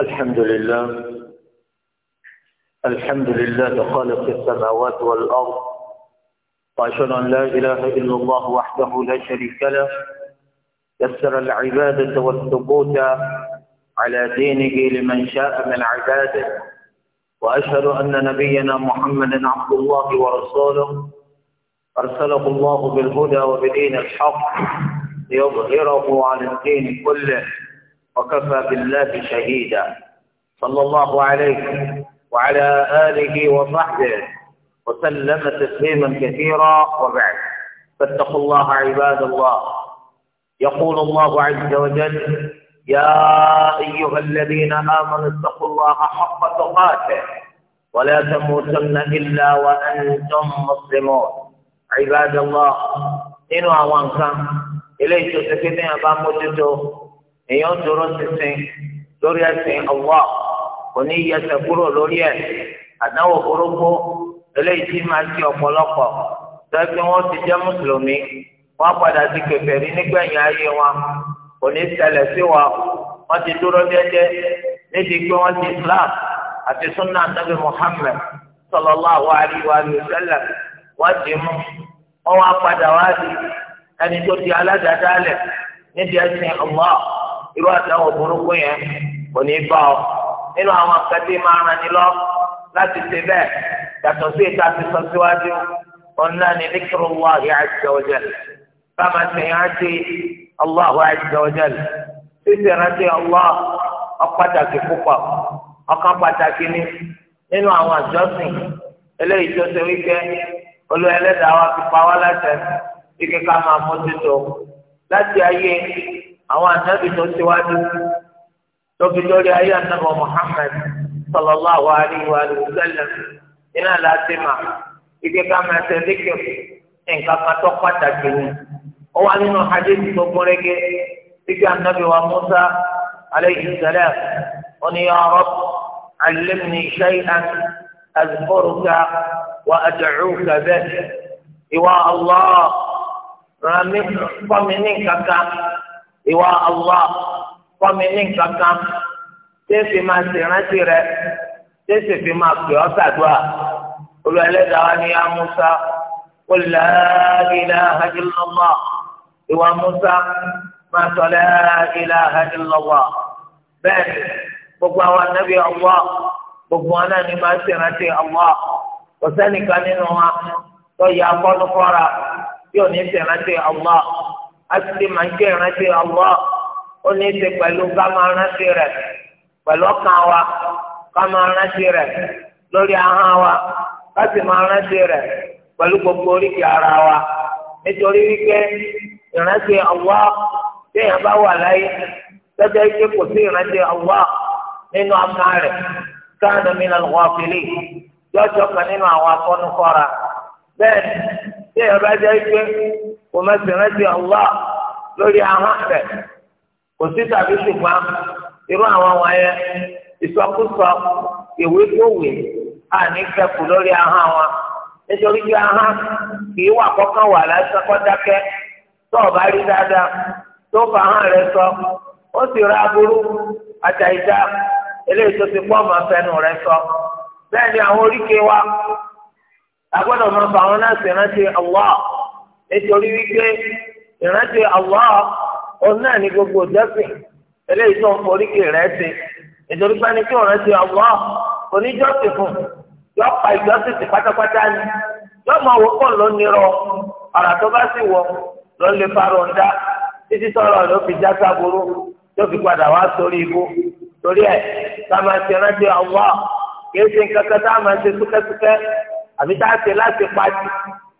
الحمد لله الحمد لله خالق السماوات والأرض وأشهد أن لا إله إلا الله وحده لا شريك له يسر العبادة والثبوت على دينه لمن شاء من عباده وأشهد أن نبينا محمدا عبد الله ورسوله أرسله الله بالهدى وبدين الحق ليظهره على الدين كله وكفى بالله شهيدا صلى الله عليه وعلى آله وصحبه وسلم تسليما كثيرا وبعد فاتقوا الله عباد الله يقول الله عز وجل يا أيها الذين آمنوا اتقوا الله حق تقاته ولا تموتن إلا وأنتم مسلمون عباد الله إنوا وانكم إليس تسكتين أبا مجدو èèyàn dúró ṣinṣin lórí ẹ̀sìn Allah kò ní yẹsẹ̀ kúrò lórí ẹ̀ àdánwò burúkú eléyìí tí máa ti ọ̀pọ̀lọpọ̀ sẹ́kí wọ́n ti jẹ́ mùsùlùmí wọ́n padà ti kèfèrí ayé wọn kò ní ṣẹlẹ̀ sí wa wọ́n ti dúró déédéé níbi pé wọ́n ti Islam àti nabi Muhammad sallallahu alaihi wa sallam wọ́n ti mú wá padà wá di ẹni tó di aládàá níbi irú àtàwọn burúkú yẹn kò ní bá ọ nínú àwọn akẹ́tì máa ràn ní lọ láti ṣe bẹ́ẹ̀ yàtọ̀ sí ìta ti sọ síwájú ọ̀nà ní níkírù wá ìyá azza wa sèyàn àti sísè rántí ọ̀pàtàkì púpọ̀ ọ̀kan pàtàkì ni nínú àwọn àjọsìn eléyìí tó ṣe ẹlẹ́dàá wa fi pa wá láṣẹ kíkẹ́ ká máa láti ayé àwọn ànábì tó síwájú tóbi lórí ayé ànábì Muhammad sallallahu alaihi wa sallam iná láti mà ike ká máa ṣe díkì nǹkan kan tó pàtàkì ni ó wà nínú hadith tó gúnrégé ike ànábì wa Musa alayhi salam ó ní ya shay'an azkuruka wa ad'uka bihi ìwà Allah ràn fọmi ní kankan ìwà Allah fọmi ní nǹkan kan tẹ́sí máa ṣèrántí rẹ tẹ́sí fi máa pè ọ́ sàdúrà olùwẹ̀lẹ́dàá ni ya Musa qul la ilaha illallah ìwà Musa máa sọ la ilaha illallah bẹ́ẹ̀ gbogbo àwọn anábì Allah gbogbo wọn náà ni máa ṣèrántí Allah kò sẹ́nìkan nínú wa tó yẹ akọ́nukọ́ra yóò ní ṣèrántí Allah asìlè máa ń jẹ́ ìrántí Allah ó ní í ṣe pẹ̀lú ká máa rántí rẹ̀ pẹ̀lú ọkàn wa ká máa rántí rẹ̀ lórí ahọ́n wa ká sì máa rántí rẹ̀ pẹ̀lú gbogbo oríkì ara wa nítorí wípé ìrántí Allah téèyàn bá wà láyé tọ́jà ike kò sí ìrántí Allah nínú ọkàn rẹ̀ káàdà mi nà lọ́wọ́ fìlì yọjọ́ kan nínú àwọn akọ́nukọ́ra bẹ́ẹ̀ ni téèyàn bá jẹ́ ike. kò má sì rántí Allah lórí ahọ́n rẹ̀ kò sí tàbí ṣùgbọ́n irú àwọn wọ̀nyẹn ìsọkúsọ ìwé tó àní kẹkù lórí nítorí pé kì í wà kọ́kàn wà lásán tó o bá rí dáadáa ra aburú eléyìí tó ti fẹnu rẹ sọ bẹ́ẹ̀ ni àwọn oríkèé wa a nítorí wípé ìrántí Allah òun náà ní gbogbo ìjọsìn eléyìí tó ń foríkì rẹ̀ ṣe nítorí tí oníjọsìn fún yọ pa ìjọsìn pátápátá ni yọ máa wò pọ̀ ló ọ̀rà tó bá sì wọ̀ ló lè tọrọ ló fi já tó fi padà wá sórí ibú torí ẹ a máa ṣe rántí kì í ṣe nǹkan kan tá a máa ṣe súkẹ́súkẹ́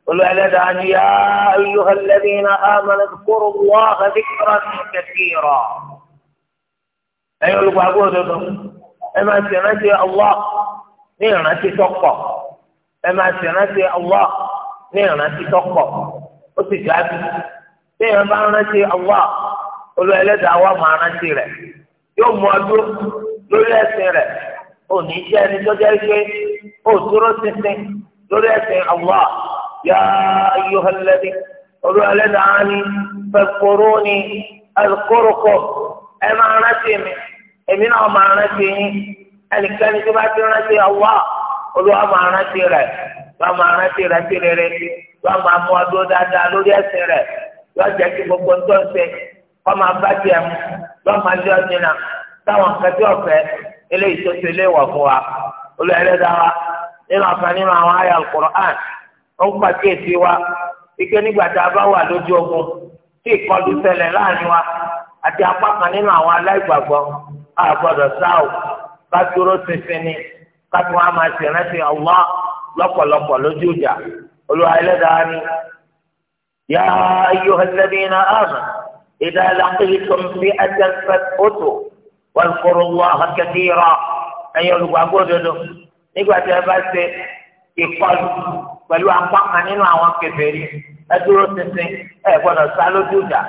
قل لدان يا أيها الذين آمنوا اذكروا الله ذكرا كثيرا ايوا الأبوات أما سنتي الله نعنا تتقى أما سنتي الله نعنا تتقى وتجاب نعنا معنتي الله قل لدعوة معنتي له يوم وجو لولا سيره أو نيشان تجاهي أو سرسسي لولا سيره الله يا أيها الذي قلوا لدعاني فاذكروني أذكركم أما نسيمي أمين أما نسيمي أن كان جبعت نسي الله قلوا أما نسيري وأما نسيري سيري وأما موادو دادا لولي سيري وأجاكي بكونتون سيري وأما باتي أمو وأما جوزنا táwọn akẹ́tí ọ̀fẹ́ eléyìí tó ṣe léwọ̀ fún wa olùyẹ̀lẹ́dàá wa nínú àfẹ́ nínú àwọn àyà al-Qur'an ó ń pàkíyèsí wa ike nígbà tá a bá wà lójú ogun tí ìkọlù ṣẹlẹ̀ láàrin wa àti apá kan nínú àwọn aláìgbàgbọ́ a gbọ́dọ̀ sáwò ká dúró ṣinṣin ni ká tún wá máa ṣèrántí Allah lọ́pọ̀lọpọ̀ lójú ìjà olúwa ẹlẹ́dàá ni. يا أيها الذين آمنوا إذا لقيتم فئة فاثبتوا واذكروا الله كثيرا أيها الأخوة nígbà tí a bá ṣe ìkọlù pẹ̀lú apá n'inu nínú àwọn kèfèrí ẹ dúró ẹ gbọ́dọ̀ sá lójú ìjà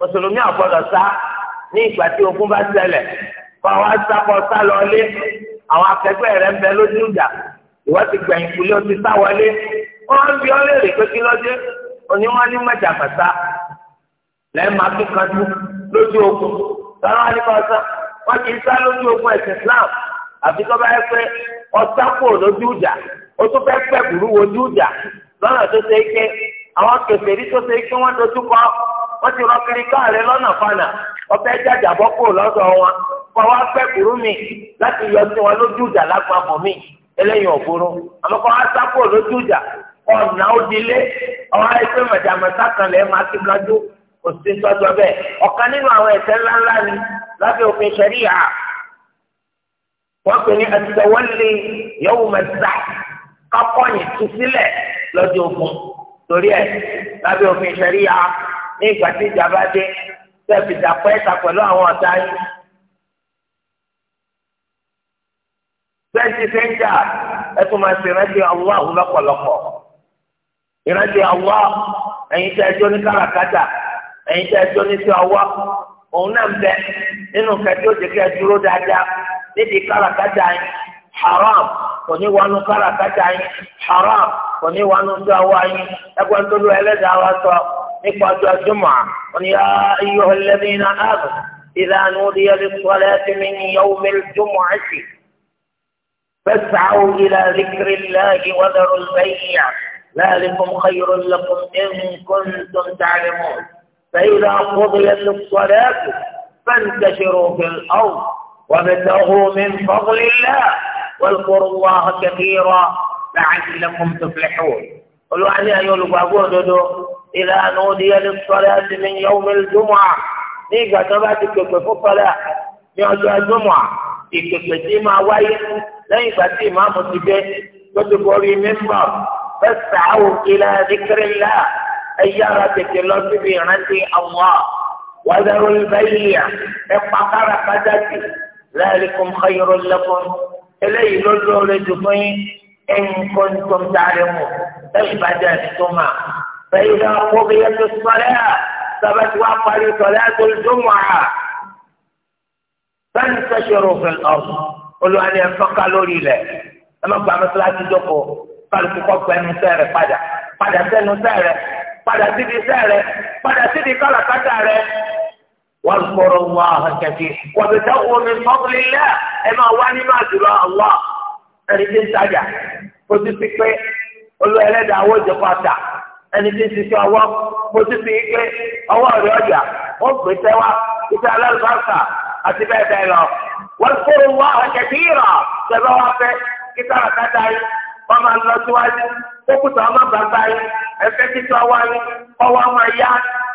mùsùlùmí ò sá tí ogun bá ṣẹlẹ̀ kọ́ wa sá sá lọlé àwọn akẹgbẹ́ rẹ̀ ń bẹ lójú ìjà ti gbẹ̀yìn ti sá wọlé bi pé kí lọ́dé oníwọ́n ní mẹ́jà máa ogun sọ́nà wọ́n kì ogun ẹ̀sìn Islam bá yẹ pé ó tún fẹ́ pẹ́ burú wojú ìjà lọ́nà tó ṣe é ké àwọn kèfèrí tó ṣe é wọ́n dojú wọ́n ti rọ́kiri káàrin lọ́nà fana ọbẹ̀ jàjàbọ́ kò lọ́dọ̀ wọn kọ́ wá pẹ́ mi láti yọ sí wọn lójú mi òfurú àmọ́kọ́ wá sápò lójú ọ̀nà ẹgbẹ́ kan máa ti òsì ọ̀kan nínú àwọn ńláńlá ni lábẹ́ òfin ṣẹ̀ríyà wọ́n pè ní àtìsẹ́wọ́lì yawm az kápọ́yìn tú sílẹ̀ lọ́jọ́ ogun torí ẹ̀ lábẹ́ òfin ìṣẹ̀ríya ní ìgbà tí ìjà bá dé tẹ̀sí ìdàpọ̀ ẹ̀ta pẹ̀lú àwọn ọ̀tá yìí. bẹ́ẹ̀ni ṣe ń jà ẹtù máa ṣe ìrántí ọwọ́ àwọn lọ́pọ̀lọpọ̀ ìrántí ọwọ́ ẹ̀yin tẹ́ ẹjọ́ ní káràkátà ẹ̀yin tẹ́ ẹjọ́ ní sí ọwọ́ òun náà ń bẹ nínú kẹjọ́ òjèké dúró dáadáa nídìí káràkátà yìí haram kò ní wọnú káràkátà yín haram kò ní wọnú tó ọwọ́ yín ẹgbẹ́ tó lu ẹlẹ́dàá wa sọ nípa ọjọ́ jùmọ̀ wọn yá iyọ̀ lẹ́mìnà ìlà ìlànà òdi yẹ lẹ́sọ̀rọ̀ ẹ̀sìn mi ní yọ̀ yọ̀wù mẹ́lẹ̀ jùmọ̀ ẹ̀sì fẹ́sàáwò ilà rìkìrì lẹ́yìn wọ́dọ̀rọ̀ lẹ́yìn ذلكم خير لكم إن كنتم تعلمون فإذا قضيت الصلاة فانتشروا في الأرض وابتغوا من فضل الله واذكروا الله كثيرا لعلكم تفلحون قلوا أن يقول بابور إذا نودي للصلاة من يوم الجمعة نيجا تباتك في الصلاة يوم الجمعة يكتبتي ما وي لا يكتبتي ما مصيبه تدبري منبر فاسعوا إلى ذكر الله أي يارتك في عندي الله وذروا البيع اقبقر ذلكم خير لكم eléyìí ló lóore jù fún yín ẹ̀yin kọ́ ní tó ń darí mu lẹ́yìn bá jẹ́ ẹni tó mà bẹ́ẹ̀ yóò dáa wọ́n bí yẹn tó sọ̀rẹ́ à sábà tí wàá parí sọ̀rẹ́ àti olùdómọ̀ à bẹ́ẹ̀ ni sẹ́sọ̀rọ̀ òfin ọ̀hún olùwà ẹ̀ fọ́nká lórí rẹ̀ ẹ má gba mọ́sálásí jókòó kálukú kọ́ gbẹ́nu sẹ́rẹ̀ padà padà sẹ́nu sẹ́rẹ̀ padà síbi sẹ́rẹ̀ padà síbi kálàkátà rẹ̀ واذكروا الله كثيرا وابتغوا من فضل الله اما واني ما جرى الله ẹni tí ń tajà kó tún fi pé olú ẹlẹ́dàá owó ìjọba ta ẹni tí ń ṣiṣẹ́ ọwọ́ kó tún fi pé ọwọ́ rẹ̀ ọjà ó gbé tẹ́wá iṣẹ́ alárùbáṣà àti bẹ́ẹ̀ bẹ́ẹ̀ lọ. wọ́n kúrò wá ọ̀kẹ́ tí ì rà ṣẹ̀fẹ̀ wá fẹ́ kí tára ká darí wọ́n máa lọ síwájú ọma ọlọ́bàbà yín efe títí ọwa yín ọwa ma ya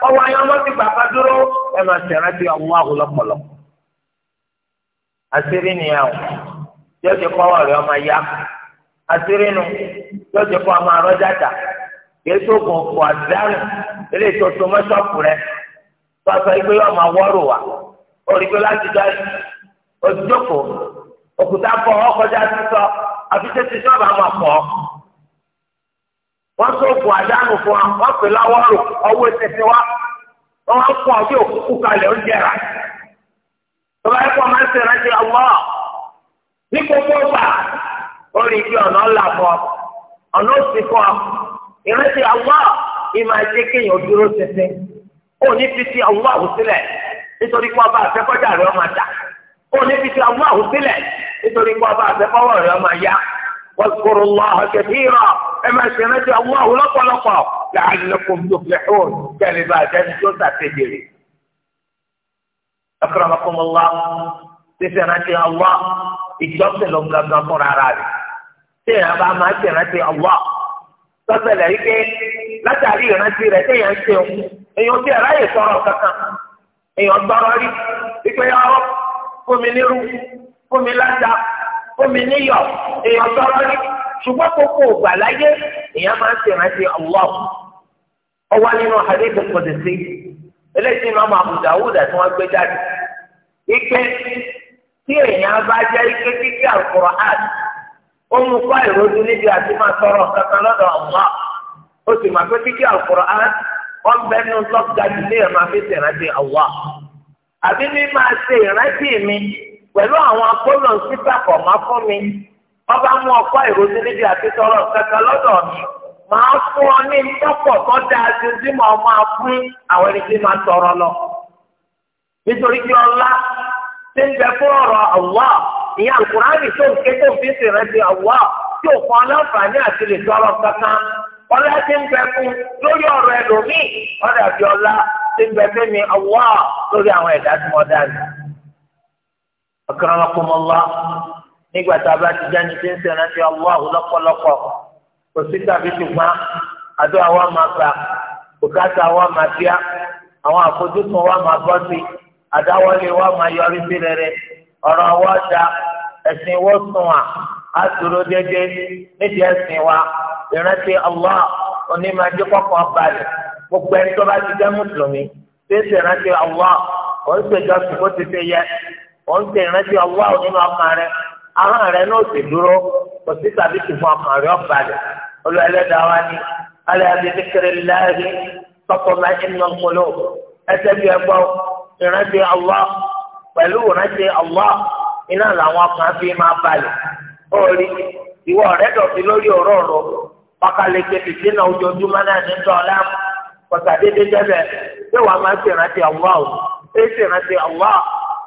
ọwa yín ọmọ si gbàgbà dúró ẹ máa tẹ̀rẹ́ ọwụwa ọmọ àwòlọ́pọ̀lọ́. àṣírí ya o tí ó ti kọ́wọ́ ya àṣírí nu tí ó jata wa láti dá òkúta ọkọjá sísọ àfi tètè ma wọ́n tó bu àdánù fún wa wọ́n láwọ́rò ọwọ́ tẹ̀sẹ̀ wa wọ́n wá kọ́ ọdún òkúkú kalẹ̀ ó jẹrà. Bàbá ẹ̀kọ́ máa ń ṣèrántí ọwọ́ ní gbogbo ó rí bí ọ̀nà ńlá fún ọ ọ̀nà fún ọ ìrántí ọwọ́ ìmọ̀ ní fi ti ọwọ́ nítorí pé ọba rẹ̀ ó ní fi ti ọwọ́ ọba واذكروا الله كثيرا اما سنجي الله لطا لطا لعلكم تفلحون كلمات انتم تجري اكرمكم الله سنجي الله اجبت لهم لم نصر عرابي سيابا ما سنجي الله الله لا تعليه نسير سيئا سيئا إيه ان إيه يوتي رأي سورا كتا ان إيه يوتي رأي يا رب قم نرو قم لا omi níyọ̀ èèyàn tọrọ ní ṣùgbọ́n kókó ògbà láyé èèyàn máa ń ṣèrántí Allah ọwọ́ nínú hadith qudsi eléyìí máa ma Abu tí wọ́n gbé jáde ike tí èèyàn bá jẹ́ ike kíkí al-Qur'an ó mú kọ́ ìrojú níbi àti máa tọrọ kankan lọ́dọ̀ ó sì máa kíkí wọ́n bẹ nínú Allah àbí mi máa ṣe ìrántí mi. pẹ̀lú àwọn akóló ń sísàkọ̀ máa fún mi ọba mú ọkọ ìròyìn níbi àtitọ́rọ̀ kankan lọ́dọ̀ mi máa fún ọ ní tọ́pọ̀ tó dáa ju tí mo máa fún àwọn ẹni tí tọrọ lọ. nítorí kí ọlá ti ń bẹ fún ọ̀rọ̀ àwọ̀ ìyá àkùránì tó ń ké tó rẹ di àwọ̀ tí ò fún tọrọ kankan. ọlá ti ń bẹ fún lórí ọ̀rọ̀ ẹlòmíì ọlá ti ń bẹ fún mi àwọ̀ lórí àwọn ẹ̀dá tí akramakumullah nígbà tá bá ti jáde tí ń Allah lọ́pọ̀lọpọ̀ kò sí tàbí ṣùgbọ́n àdó àwa máa gbà bùkátà àwa àwọn àfojúsùn wa máa bọ́ sí àdáwọlé wa máa yọrí sí rere ọ̀rọ̀ wa da ẹ̀sìn wọ́n sùn à á dúró dédé nídìí ẹ̀sìn wa ìrántí Allah onímọ̀jú gbogbo ẹni tó wọ́n ń ṣe ìrántí ọwọ́ nínú ọkàn rẹ ahọ́n rẹ náà sì dúró kò sí tàbí tì fún ọkàn rẹ ọ̀bà rẹ olú ẹlẹ́dàá wa ni àti kékeré láàrin tọkọ máa ń nà kóló ẹsẹ̀ bí ẹ ìrántí ìrántí iná làwọn fi máa ìwọ dọ̀tí lórí ọ̀rọ̀ ọ̀rọ̀ náà ojoojúmọ́ náà ní kọ̀tà déédéé pé wàá máa ṣèrántí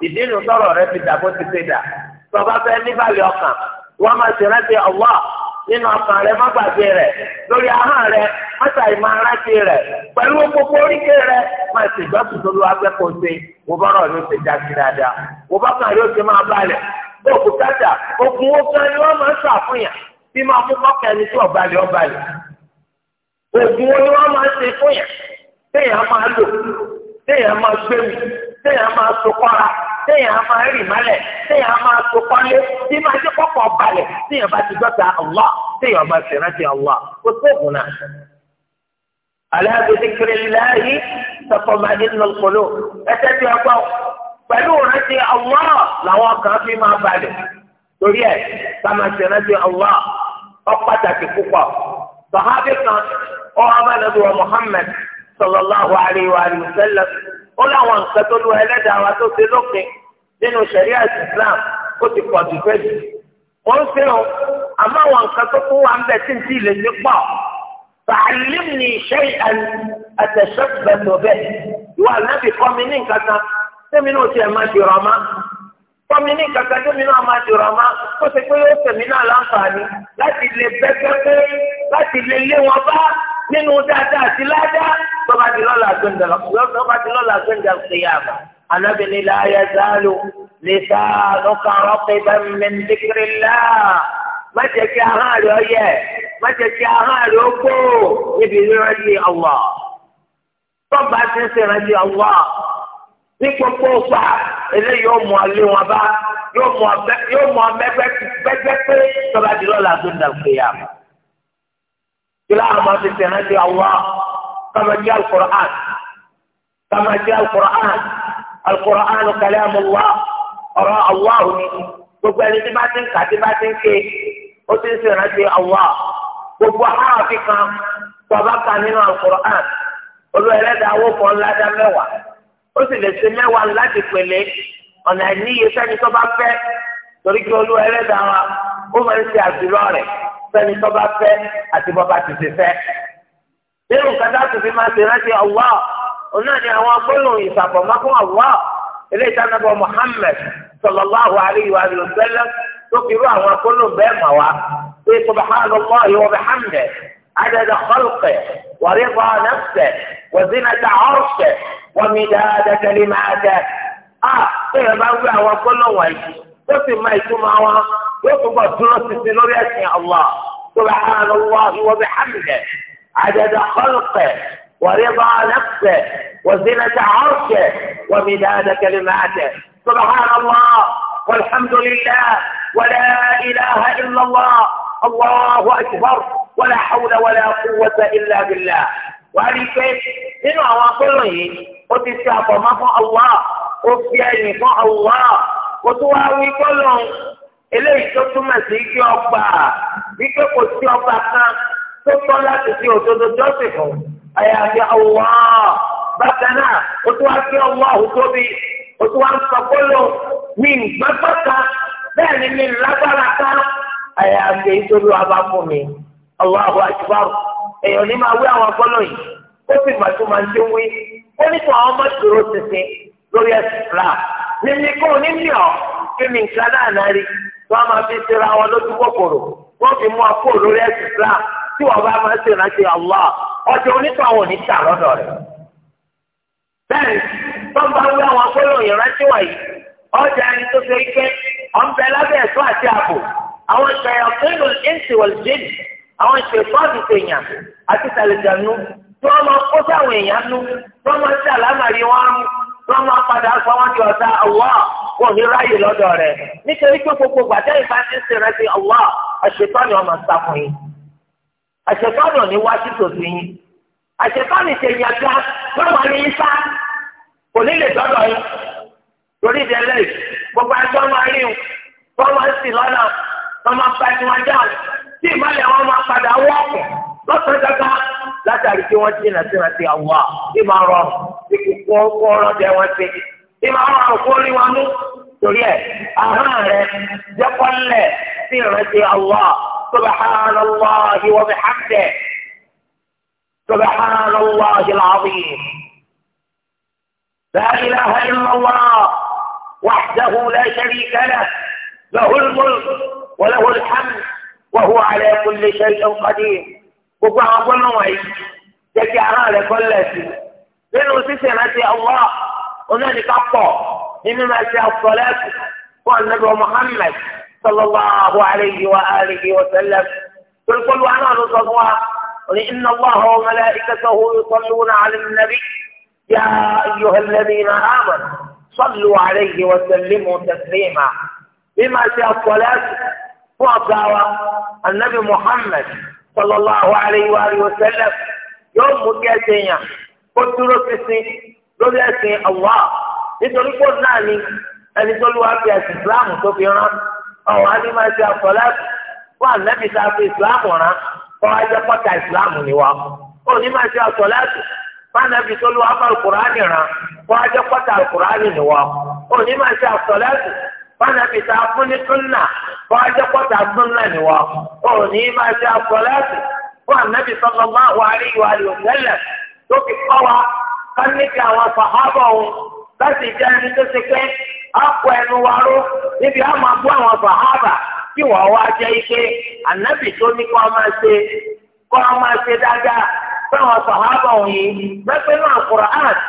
inú sọ̀rọ̀ rẹ fi dàbó ti ṣe dà tọba fẹ níbàlẹ̀ ọkàn wọ́n máa ṣe rántí ọ̀wọ́ nínú ọkàn rẹ má rẹ lórí ahọ́n rẹ má ṣàì máa rẹ pẹ̀lú gbogbo oríkè rẹ má ṣe ìjọsìn tó lu akẹ́kọ̀ọ́ ṣe ló ṣe dáadáa yóò ṣe máa balẹ̀ bó ogun ogun ni wọ́n máa ń ṣàfihàn bí máa mọ́kàn ẹni ọ̀balẹ̀ ọ̀balẹ̀ ogun ni wọ́n máa ń ṣe fún yẹn téèyàn máa lò téèyàn á máa rì mọ́lẹ̀ téèyàn á máa tó pọ́nlé tí máa jẹ́ kọ́kọ́ balẹ̀ téèyàn bá ti dọ́ta Allah téèyàn bá ti rántí Allah kó tóògùn náà. ala bi dhikrillahi tatma'innul qulub ẹsẹ̀ tí a gbọ́ pẹ̀lú rántí Allah làwọn kan fi máa balẹ̀ torí ẹ̀ ká máa ti rántí Allah ọ púpọ̀ sàhábì kan ọ sallallahu alaihi wa sallam ó láwọn nǹkan tó lu ẹlẹ́dàá wa tó ṣe lópin nínú ṣẹ̀ríà Islam ó ti pọ̀ jù fẹ́ jù wọ́n ṣe o àmọ́ àwọn nǹkan tó kún wa ń bẹ̀ tí n ti lè ní pọ̀ fa'allimni shay'an atashabbahu bihi ìwà nábì kọ́ ní nǹkan kan tẹ́mi náà ti ẹ̀ máa dìrọ̀ ọ́ máa ní kankan tó mi náà máa dùrọ̀ ọ́ máa kó pé yóò tẹ̀mí náà láǹfààní láti lè bẹ́gbẹ́ pé láti lè lé wọn bá nínú dáadáa àti ládàá tọ́ba ti lọ́la gbẹ̀ndà tọ́ba ti lọ́la gbẹ̀ndà ṣèyàmà anabi ni la yazalu lisanuka raqiban min dhikrillah má jẹ́ kí ahọ́n rẹ̀ ó yẹ̀ má jẹ́ kí ahọ́n rẹ̀ ó kó níbi ìrántí Allah tọ́ba ti ń ṣèrántí Allah ní gbogbo ọgbà eléyìí yóò mú alé wọn bá yóò mú abẹ pé tọ́ba ti lọ́la gbẹ̀ndà ṣèyàmà kí láwọn ọmọ ti ṣèrántí Allah. كما جاء القرآن كما جاء القرآن القرآن كلام الله ọ̀rọ̀ الله ni gbogbo ẹni tí bá ti ń kà tí bá ti ń ké ó ti ń ṣèrántí Allah gbogbo aráàfi kan bàbá kan nínú Al-Qur'an olú ẹlẹ́dàá owó kan ládá mẹ́wàá ó sì lè ṣe mẹ́wàá láti pèlè ọ̀nà ìníye sẹ́ni tó fẹ́ torí kí olú ẹlẹ́dàá wa ó máa ń ṣe àdúrà rẹ̀ sẹ́ni tó fẹ́ àti bọ́ba ti ti fẹ́ nínú kàtà tó fi máa ṣèrántí Allah òun náà ni àwọn agbóhùn ìsàpọ̀mọ́ fún Allah eléyìí tá nàbọ̀ Muhammad sallallahu alayhi wa sallam tó fi rú àwọn agbóhùn bẹ́ẹ̀ mà wá pé subhanallahi wa bihamdihi عدد خلقه ورضا نفسه وزنة عرشه ومداد كلماته آه إيه بقى هو كل واحد قسم ما يسمع ويطلب الدرس في نور الله سبحان الله وبحمده عدد خلقه ورضا نفسه وزنة عرشه ومداد كلماته سبحان الله والحمد لله ولا إله إلا الله الله أكبر ولا حول ولا قوة إلا بالله وعليكم إنه أواصله وتسافر ما هو الله وفيني فوق الله وتواوي كلهم eléyìí tó túmọ̀ sí kí ọgbà wípé kò tó tọ́ láti fi òdodo jọ́sìn fún àyàfi ọ̀wọ́ bákan náà o tún wá sí ọ̀wọ́ òtóbi o tún wá ń sọ gbólò mi gbàgbọ́ kan bẹ́ẹ̀ ni mi lágbára kan àyàfi ìtòlú abáfún mi ọ̀wọ́ àwọn àjùbáwò èèyàn ní máa wí àwọn gbólò yìí ó sì mà tó máa ń dé wí ó ní kó àwọn mọ́tòrò tètè lórí ẹ̀sìn fúlà níbi kó ní mí ọ́ kí mi nǹkan náà náà rí wọ́n máa fi ṣe ra wọn lójú kòkòrò wọ́n fi mú akó lórí ẹ̀sìn fúlà. tí wọ́n bá máa ṣe Allah ọjọ́ onítọ̀ àwọn òní tà lọ́dọ̀ rẹ̀. bá wí àwọn akólóyìn rántí wọ̀nyí ọjà ẹni tó ike ọ̀nbẹ lábẹ́ ẹ̀tọ́ àti ààbò àwọn ìṣẹ̀yàn pẹ̀lú ẹ̀ǹtì wọ̀lùjẹ́nì àwọn ìṣèkọ́ọ̀dù tèèyàn àti tàlẹ̀jànú tí máa kó sáwọn èèyàn nú tí máa ṣe àlámàrí wọn mú tí máa padà sọ a ní wá sí tòsí yín àṣetọ́nà ṣe yàgá lọ́wọ́ ní yín sá kò ní lè tọ́lọ̀ yín torí ìdẹ́lẹ̀ gbogbo ẹgbẹ́ wọn rí o wọ́n máa ń lọ́nà wọ́n máa pa ẹni wọn dáhùn tí ìmọ̀lẹ̀ wọn máa padà wọ́ọ̀kù lọ́sàn-án kankan látàrí tí wọ́n jìnnà sí ọ̀rọ̀ wọn sí bí máa kó torí ẹ̀ àhán rẹ̀ sí ìrántí àwọ̀ سبحان الله وبحمده سبحان الله العظيم لا إله إلا الله وحده لا شريك له له الملك وله الحمد وهو على كل شيء قدير وقال كل ميت تجعل على كل شيء لأنه سيسمى في الله وذلك أفضل انما في الصلاة والنبي محمد صلى الله عليه وآله وسلم قل قل وأنا نصدها لأن الله وملائكته يصلون على النبي يا أيها الذين آمنوا صلوا عليه وسلموا تسليما بما في الصلاة وأطاوى النبي محمد صلى الله عليه وآله وسلم يوم مكاتين قلت رسلسي لذلك الله nítorí pé náà ni ẹni tó lù wá ọ̀hún adé máa ṣe àfọlá wà nẹ́bí tá a fi ìsìláàmù rán kọ́ ajẹ́ pọ́tà ìsìláàmù ni wa ó ní máa ṣe àfọlá wà nẹ́bí tó lu afọ alukur'ani rán kọ́ ajẹ́ pọ́tà alukur'ani ni wa ó ní máa ṣe àfọlá wà nẹ́bí tá a fún ní súnà kọ́ ajẹ́ pọ́tà súnà ni wa ó ní máa ṣe àfọlá wà nẹ́bí sallallahu alaihi wa sallam tó fi kọ́ wa ká níbi àwọn sàhábà òun láti jẹ́ ẹni tó ṣe pé akọ ẹnu wa ró níbi a máa bú àwọn sàhábà kí wọ́n wá jẹ́ ike ànábì tó ní kọ́ máa ṣe kọ́ máa ṣe dáadáa fáwọn sàhábà wọ̀nyí lẹ́pẹ́ náà Kùránì at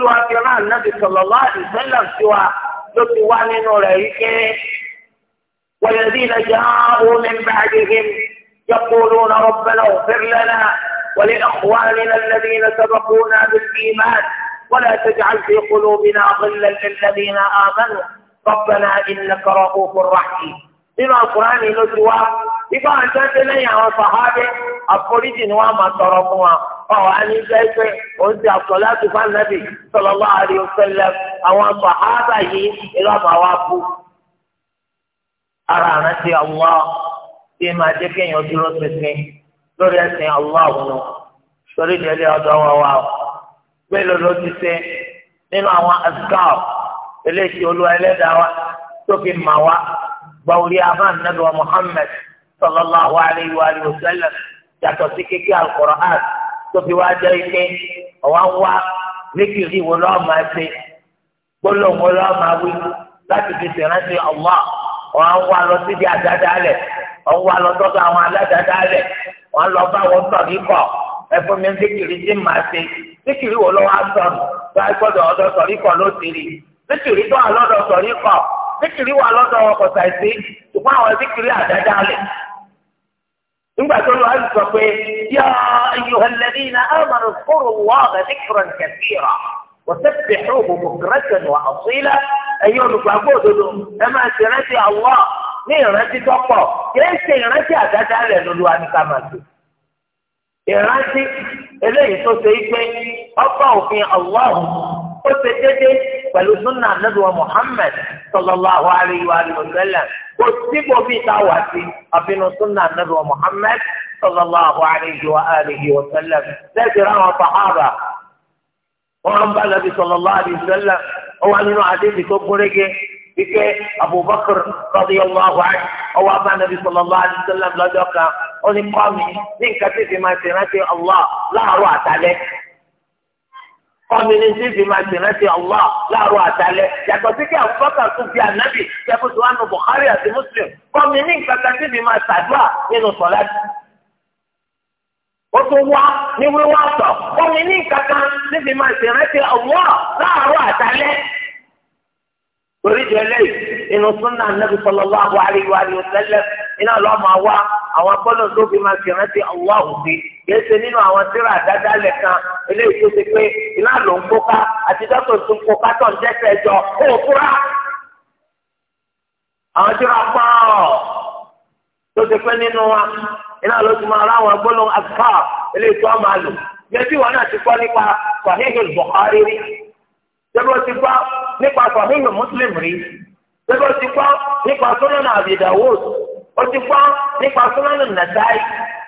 lù wá fi rán ànábì sallallahu alaihi sele sí wa ló ti wá nínú rẹ̀ ike. wole bi wà náà والذين wole من wa يقولون ربنا اغفر sodo ولإخواننا الذين سبقونا بالإيمان ولا تجعل في قلوبنا غلا للذين آمنوا ربنا إنك رؤوف رحيم nínú àkùránì ló ti wá ibà àjọṣe lẹ́yìn àwọn sàhábẹ àforíjì ni wọ́n máa tọrọ fún wa ọwọ aníṣẹṣẹ òun ti àpò láti fún anabi sallallahu alaihi wasallam àwọn sàhábà yìí ìlú àbáwá bú. ara àrántí Allah tí máa jẹ́ kéèyàn dúró pínpín lórí ẹ̀sìn Allah òun torí ìdílé ọ̀dọ̀ wọn wà pẹ̀lú ló ti nínú àwọn azkar eléyìí olú ẹlẹ́dàá wa tó mà wá wa muhammed sallallahu alayhi wa sallam yàtọ̀ sí kékeré wá jẹ́ ike ọ̀wá ń wá lékiri wo lọ́ọ́ máa ṣe gbólóhùn wo lọ́ọ́ máa wí láti fi ṣèrántí Allah ọ̀wá ń wá lọ síbi ọ̀wá lọ àwọn wọ́n lọ bá wọn tọ̀ níkọ̀ zikiri wo ló wá sọ gba gbọ́dọ̀ ọ̀dọ̀ sọrí kọ ló ti rí zikiri tó wà lọ́dọ̀ sọrí kọ zikiri wà lọ́dọ̀ ọkọta ìsí ṣùgbọ́n àwọn zikiri àdáda lẹ nígbà tó lọ àti sọ pé yá ayyuhal ladina amanu kúrò wà ọ̀gá zikran kathira wọ́sẹ̀tẹ̀ ṣòwò bukratan wa asila ẹ̀yin olùgbàgbọ́ òdodo ẹ máa ṣe ìrántí ní ìrántí tọ́pọ̀ kì ṣe ìrántí àdáda lẹ̀ lólu àníkàmàdùn ìrántí eléyìí tó ṣe pé ọgbà òfin Allahu ó ṣe dédé pẹ̀lú súnà nàdùwà Muhammad sallallahu alayhi wa sallam kò síbò bíi tá a wà sí àfihàn súnà nàdùwà Muhammad sallallahu alayhi wa sallam lẹ́sìn ráwọn sàhábà wọn bá lọ́bi sallallahu alayhi wa nínú àdébì tó gúnrégé wípé Abubakar rọdí ọlọ́wọ́ wa ọwọ́ abá nàbí sọlọ́lá àdìsọ́lá lọ́jọ́ kan ó ní kọ́ mi ní nǹkan tí fi máa ṣèrántí ọlọ́ láàárọ̀ àtàlẹ́ kọ́ mi ní tí fi máa ṣèrántí ọlọ́ láàárọ̀ àtàlẹ́ yàtọ̀ sí kí Abubakar tún bí ànábì kẹ́kọ̀ọ́ tó wà nù Bukhari àti Muslim kọ́ ní nǹkan kan tí fi máa ṣàdúrà nínú sọ̀lá ó tún wá ní wíwá sọ kọ́ ní nǹkan kan tí fi máa ṣèrántí ọlọ́ láàárọ̀ àtàlẹ́ oríṣi eléyìí inú súnà nàbì sallallahu alaihi wa sallam iná lọ́ọ́ máa wá àwọn gbọ́dọ̀ tó fi máa fìrántí ọ̀wá òfin kìí ṣe nínú àwọn tíra àdádálẹ̀ kan eléyìí tó ṣe pé iná ló ń àti tó ń tó ń jọ ó àwọn tíra tó ṣe pé nínú wa iná ló ti máa àgbà eléyìí tó máa lò. tí náà ti tẹ́lẹ̀ ti gbọ́ nípa sàmúlò mùsùlùmí rí tẹ́lẹ̀ ti gbọ́ nípa sọ́nà àbìdàwòs ó ti gbọ́ nípa sọ́nà nàdáì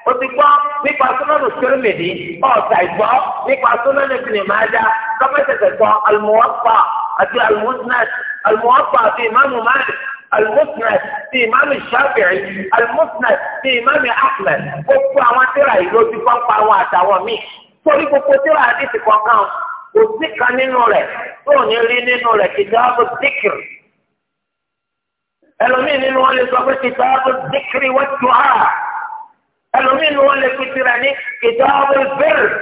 ó ti gbọ́ nípa sọ́nà tìrìmìdì ọ̀sà ìgbọ́ nípa sọ́nà ìbìnnìmájà kọ́mẹ́tẹ̀tẹ̀ sọ àlùmọ́fà àti àlùmọ́sínàt àlùmọ́fà àti ìmáàmù máàlì. المسند في امام الشافعي المسند في امام احمد gbogbo àwọn tíra yìí ló ti fọ́n pa àwọn àtàwọn míì kò sí kan nínú rẹ̀ tó ò ní rí nínú rẹ̀ kìtàbù díkìrì ẹlòmíì nínú wọn lè sọ pé kìtàbù díkìrì wọ́n tu á ẹlòmíì nínú wọn lè fi tìrà ní kìtàbù bẹ́ẹ̀rẹ̀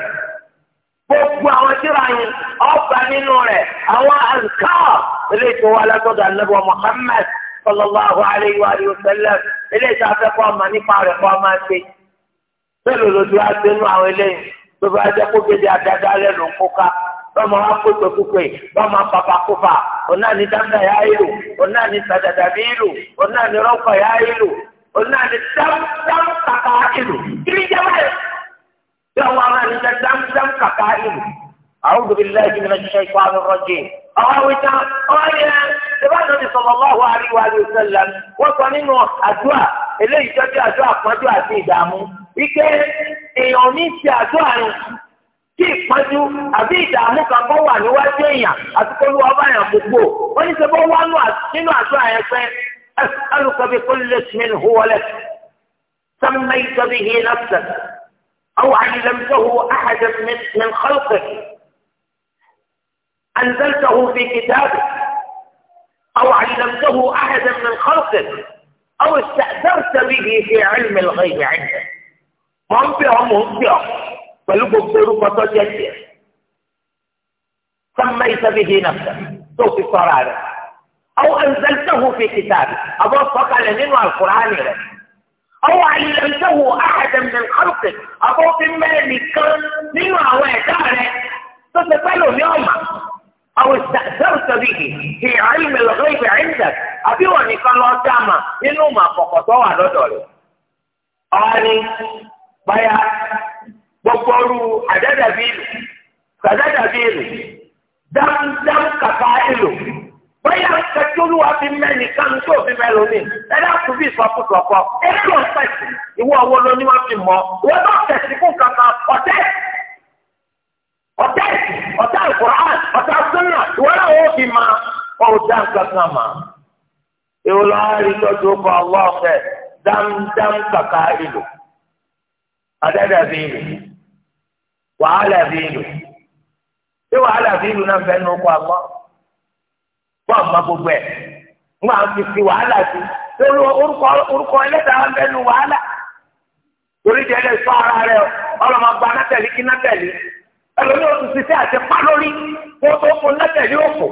gbogbo àwọn tírà yìí ọba nínú rẹ̀ àwọn àǹkà ilé tó wà látọ̀dọ̀ anábọ̀ Muhammad sallallahu alayhi wa sallam ilé tó afẹ́kọ̀ ọmọ nípa rẹ̀ kọ́ ọmọ ṣe bẹ́ẹ̀ lòlódù á gbénú àwọn eléyìí tó bá jẹ́ kó gbèdé àdáda lẹ́nu kóká báwọn á kópe kópe báwọn á papa kópa ọ̀nà ni dáńdá yá ìlú ọ̀nà ni sàdàdà bí ìlú ọ̀nà ni rọ́pọ̀ yá ìlú ọ̀nà ni dáńdám kàkà ìlú kiri jẹ́wọ́ ẹ̀ bí àwọn ará ni dáńdám kàkà ìlú. أعوذ بالله من الشيطان الرجيم أراويتا أرايا سبحان صلى الله عليه وآله وسلم وصنين أدواء إليه جاء أدواء أدواء في دامو wíkẹ́ èèyàn ní ti àdúrà yẹn kí ìpọ́njú àbí ìdààmú kan kọ́ wà níwájú èèyàn àti kó ló wá báyàn gbogbo wọ́n ní sọ bó wá nínú àdúrà yẹn pé أسألك بكل اسم هو لك سميت به نفسك أو علمته أحدا من من خلقك أنزلته في كتابك أو علمته أحدا من خلقك أو استأثرت به في علم الغيب عندك. مو بهم مو بهم pẹ̀lú gbogbo orúkọ tó jẹ́ tiẹ̀ sọ́mọ́ ìsọ́bìhì náà tó fi sọ́ra rẹ̀ àwọn ẹ̀ńzẹ́ńtẹ́hù fi kìtàbí àbọ̀ sọ́kalẹ̀ nínú àkùránì rẹ̀ àwọn àyẹ̀ńtẹ́hù àhẹ̀dẹ̀mẹ̀n kọ́lùkì àbọ̀ fi mẹ́rin kan nínú àwọn ẹ̀dá rẹ̀ tó ti pẹ́ lómi ọ̀mà àwọn ìsàkẹ́wùsọ bíi ti àìmì lọ́dọ̀ gbogbo ọrú àdádàbílì sàdádàbílì dámdám kàkà èlò bóyá kẹtùlù wa fi mẹ́ni kánú tó fi mẹ́ lómi ẹ̀dá kù bí ìsọkúsọkọ ẹ̀rọ ọ̀sẹ̀sì ìwọ owó ló ní wọ́n fi mọ́ wọ́n bá tẹ̀sí fún kankan ọ̀tẹ́ ọ̀tẹ́ ọ̀tẹ́ àkùrán ọ̀tẹ́ súnà ìwọ náà wọ́n fi máa ọ̀dà kankan mà ìwọ lọ́wọ́ rí tọ́jú ọkọ̀ ọlọ́ọ̀fẹ́ dámdám kàkà èlò àdádàbílì. wàhálà bíìlù ṣé wàhálà bíìlù náà fẹ́ nu ọkọ̀ àgbọ̀ bọ́ gbogbo ẹ̀ ń wà wàhálà sí lórí orúkọ orúkọ ẹlẹ́dàá wọn fẹ́ nu wàhálà torí jẹ́ ẹ sọ ara rẹ ọlọ́mọ gba nátẹ̀lí kí nátẹ̀lí ẹlòmíràn oṣù àti pa lórí kó tó fún nátẹ̀lí òfò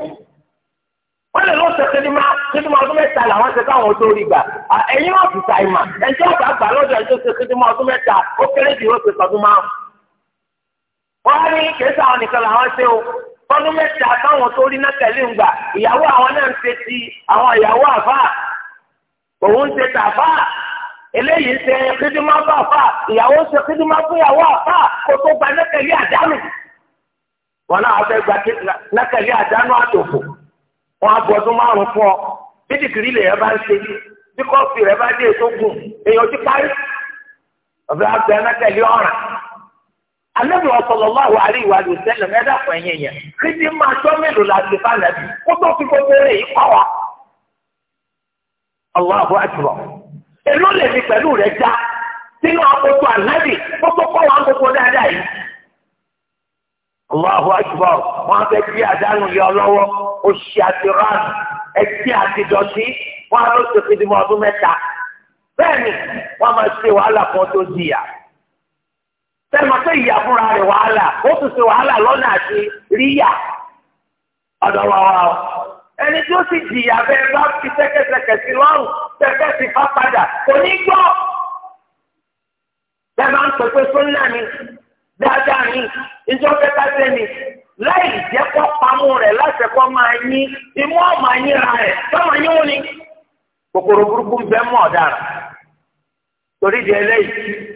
wọ́n lè ní ma tó ní ma ọdún mẹ́ta làwọn ṣe káwọn gbà ọ̀sùn ṣàìmà ẹ̀jẹ̀ ọ̀gá gbà wọ́n á ní kẹsì àwọn nìkan làwọn ṣe o fọdún mẹ́ta táwọn tó rí náà tẹ̀lé ń gbà ìyàwó àwọn náà ń ṣe ti àwọn ìyàwó àfà òun ṣe tàfà eléyìí ṣe kídímà fún àfà ìyàwó ṣe gba àdánù wọn náà gba àdánù àtòfò wọn á márùn fún ọ lè yẹ bá ń ṣe bí rẹ bá dé gùn èèyàn alẹ́bí wa sallallahu alaihi wa sallam ẹ̀yìn yẹn kíndí máa tọ́ mélòó la ti fáwọn Allahu èló lè pẹ̀lú rẹ̀ já sínú akoto kó tó kọ́ Allahu fẹ́ kí àdánù yọ lọ́wọ́ àti ẹtí àti dọ̀tí á lọ sí ọdún mẹ́ta. wọ́n máa sẹ́mi pé ìyá fúnra rẹ̀ wàhálà ó tún ṣe wàhálà lọ́nà àti ríyà ọ̀dọ̀ wa wa o. ẹni tí ó sì jìyà bẹ́ẹ̀ bá fi sẹ́kẹsẹkẹ sí lọ́rùn ti fá padà kò ní gbọ́. bẹ́ẹ̀ ń pè pé sọ́nà ni dáadáa ni láì rẹ̀ láti máa imú ọ̀mà ra rẹ̀ sọ́mà yín wọ́n ni. kòkòrò burúkú ń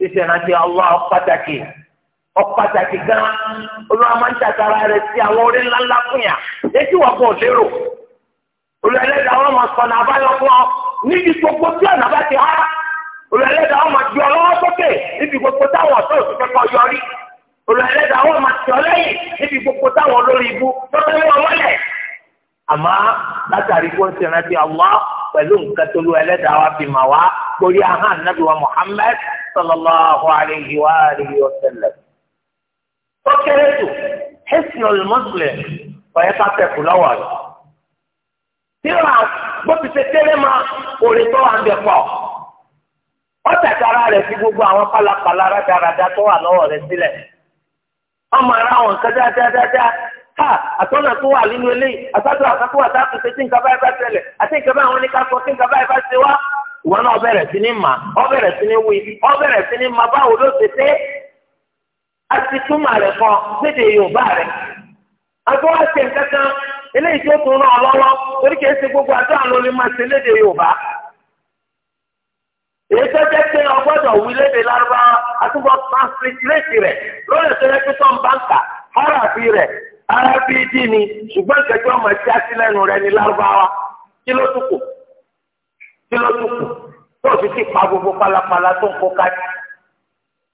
ṣíṣe rántí Allah ọ̀pàtàkì ọ̀pàtàkì gan olúwa máa ń tàkàrà rẹ̀ sí àwọn orí ńláńlá fún yà létí wọ́n kò lérò olùẹlẹ́dàá wọn máa sọ̀nà àbáyọ fún ọ níbi gbogbo tí ọ̀nà bá ti há olùẹlẹ́dàá wọn máa ju ọlọ́wọ́ sókè níbi gbogbo táwọn ọ̀tọ́ òṣìṣẹ́ kan yọrí olùẹlẹ́dàá wọn máa tì ọ lẹ́yìn níbi gbogbo táwọn olórí ibú àmọ́ látàrí kó ń ṣèrántí Allah pẹ̀lú nǹkan tó lu ẹlẹ́dàá wa fi mà wá gbórí ahán nàbí wa Muhammad sallallahu alayhi wa alihi wa sallam. ó kéré jù hisnul muslim ọ̀yẹ́ ká tẹ̀kù lọ́wọ́ rẹ̀. tíra bó ti ṣe kéré máa orin tó wà ń bẹ̀ pọ̀. ó tẹ̀sára rẹ̀ sí gbogbo àwọn pálapàla rádaràda tó wà lọ́wọ́ rẹ̀ sílẹ̀. ọmọ ara wọn kan dáadáa àtọ́nà tó wà nínú eléyìí àtàdúrà kan tó ṣe tí nǹkan báyìí bá ṣẹlẹ̀ àti nǹkan báyìí wọn ní ká sọ tí nǹkan báyìí bá ṣe wá ìwọ náà bẹ̀rẹ̀ sí ní mà ọ bẹ̀rẹ̀ sí ní wí ọ sí ní mà báwo ló ṣe dé a ti túmọ̀ rẹ̀ kan lédè Yorùbá rẹ̀ àti wọ́n ṣe nǹkan kan eléyìí tó tún ràn lọ́wọ́ torí kìí ṣe gbogbo àti àwọn olè máa ṣe lédè Yorùbá èyí tó jẹ́ pé ọgbọ́dọ̀ wí kí ló tún kù tó fi ti pa gbogbo pálapàla tó ń kó kájí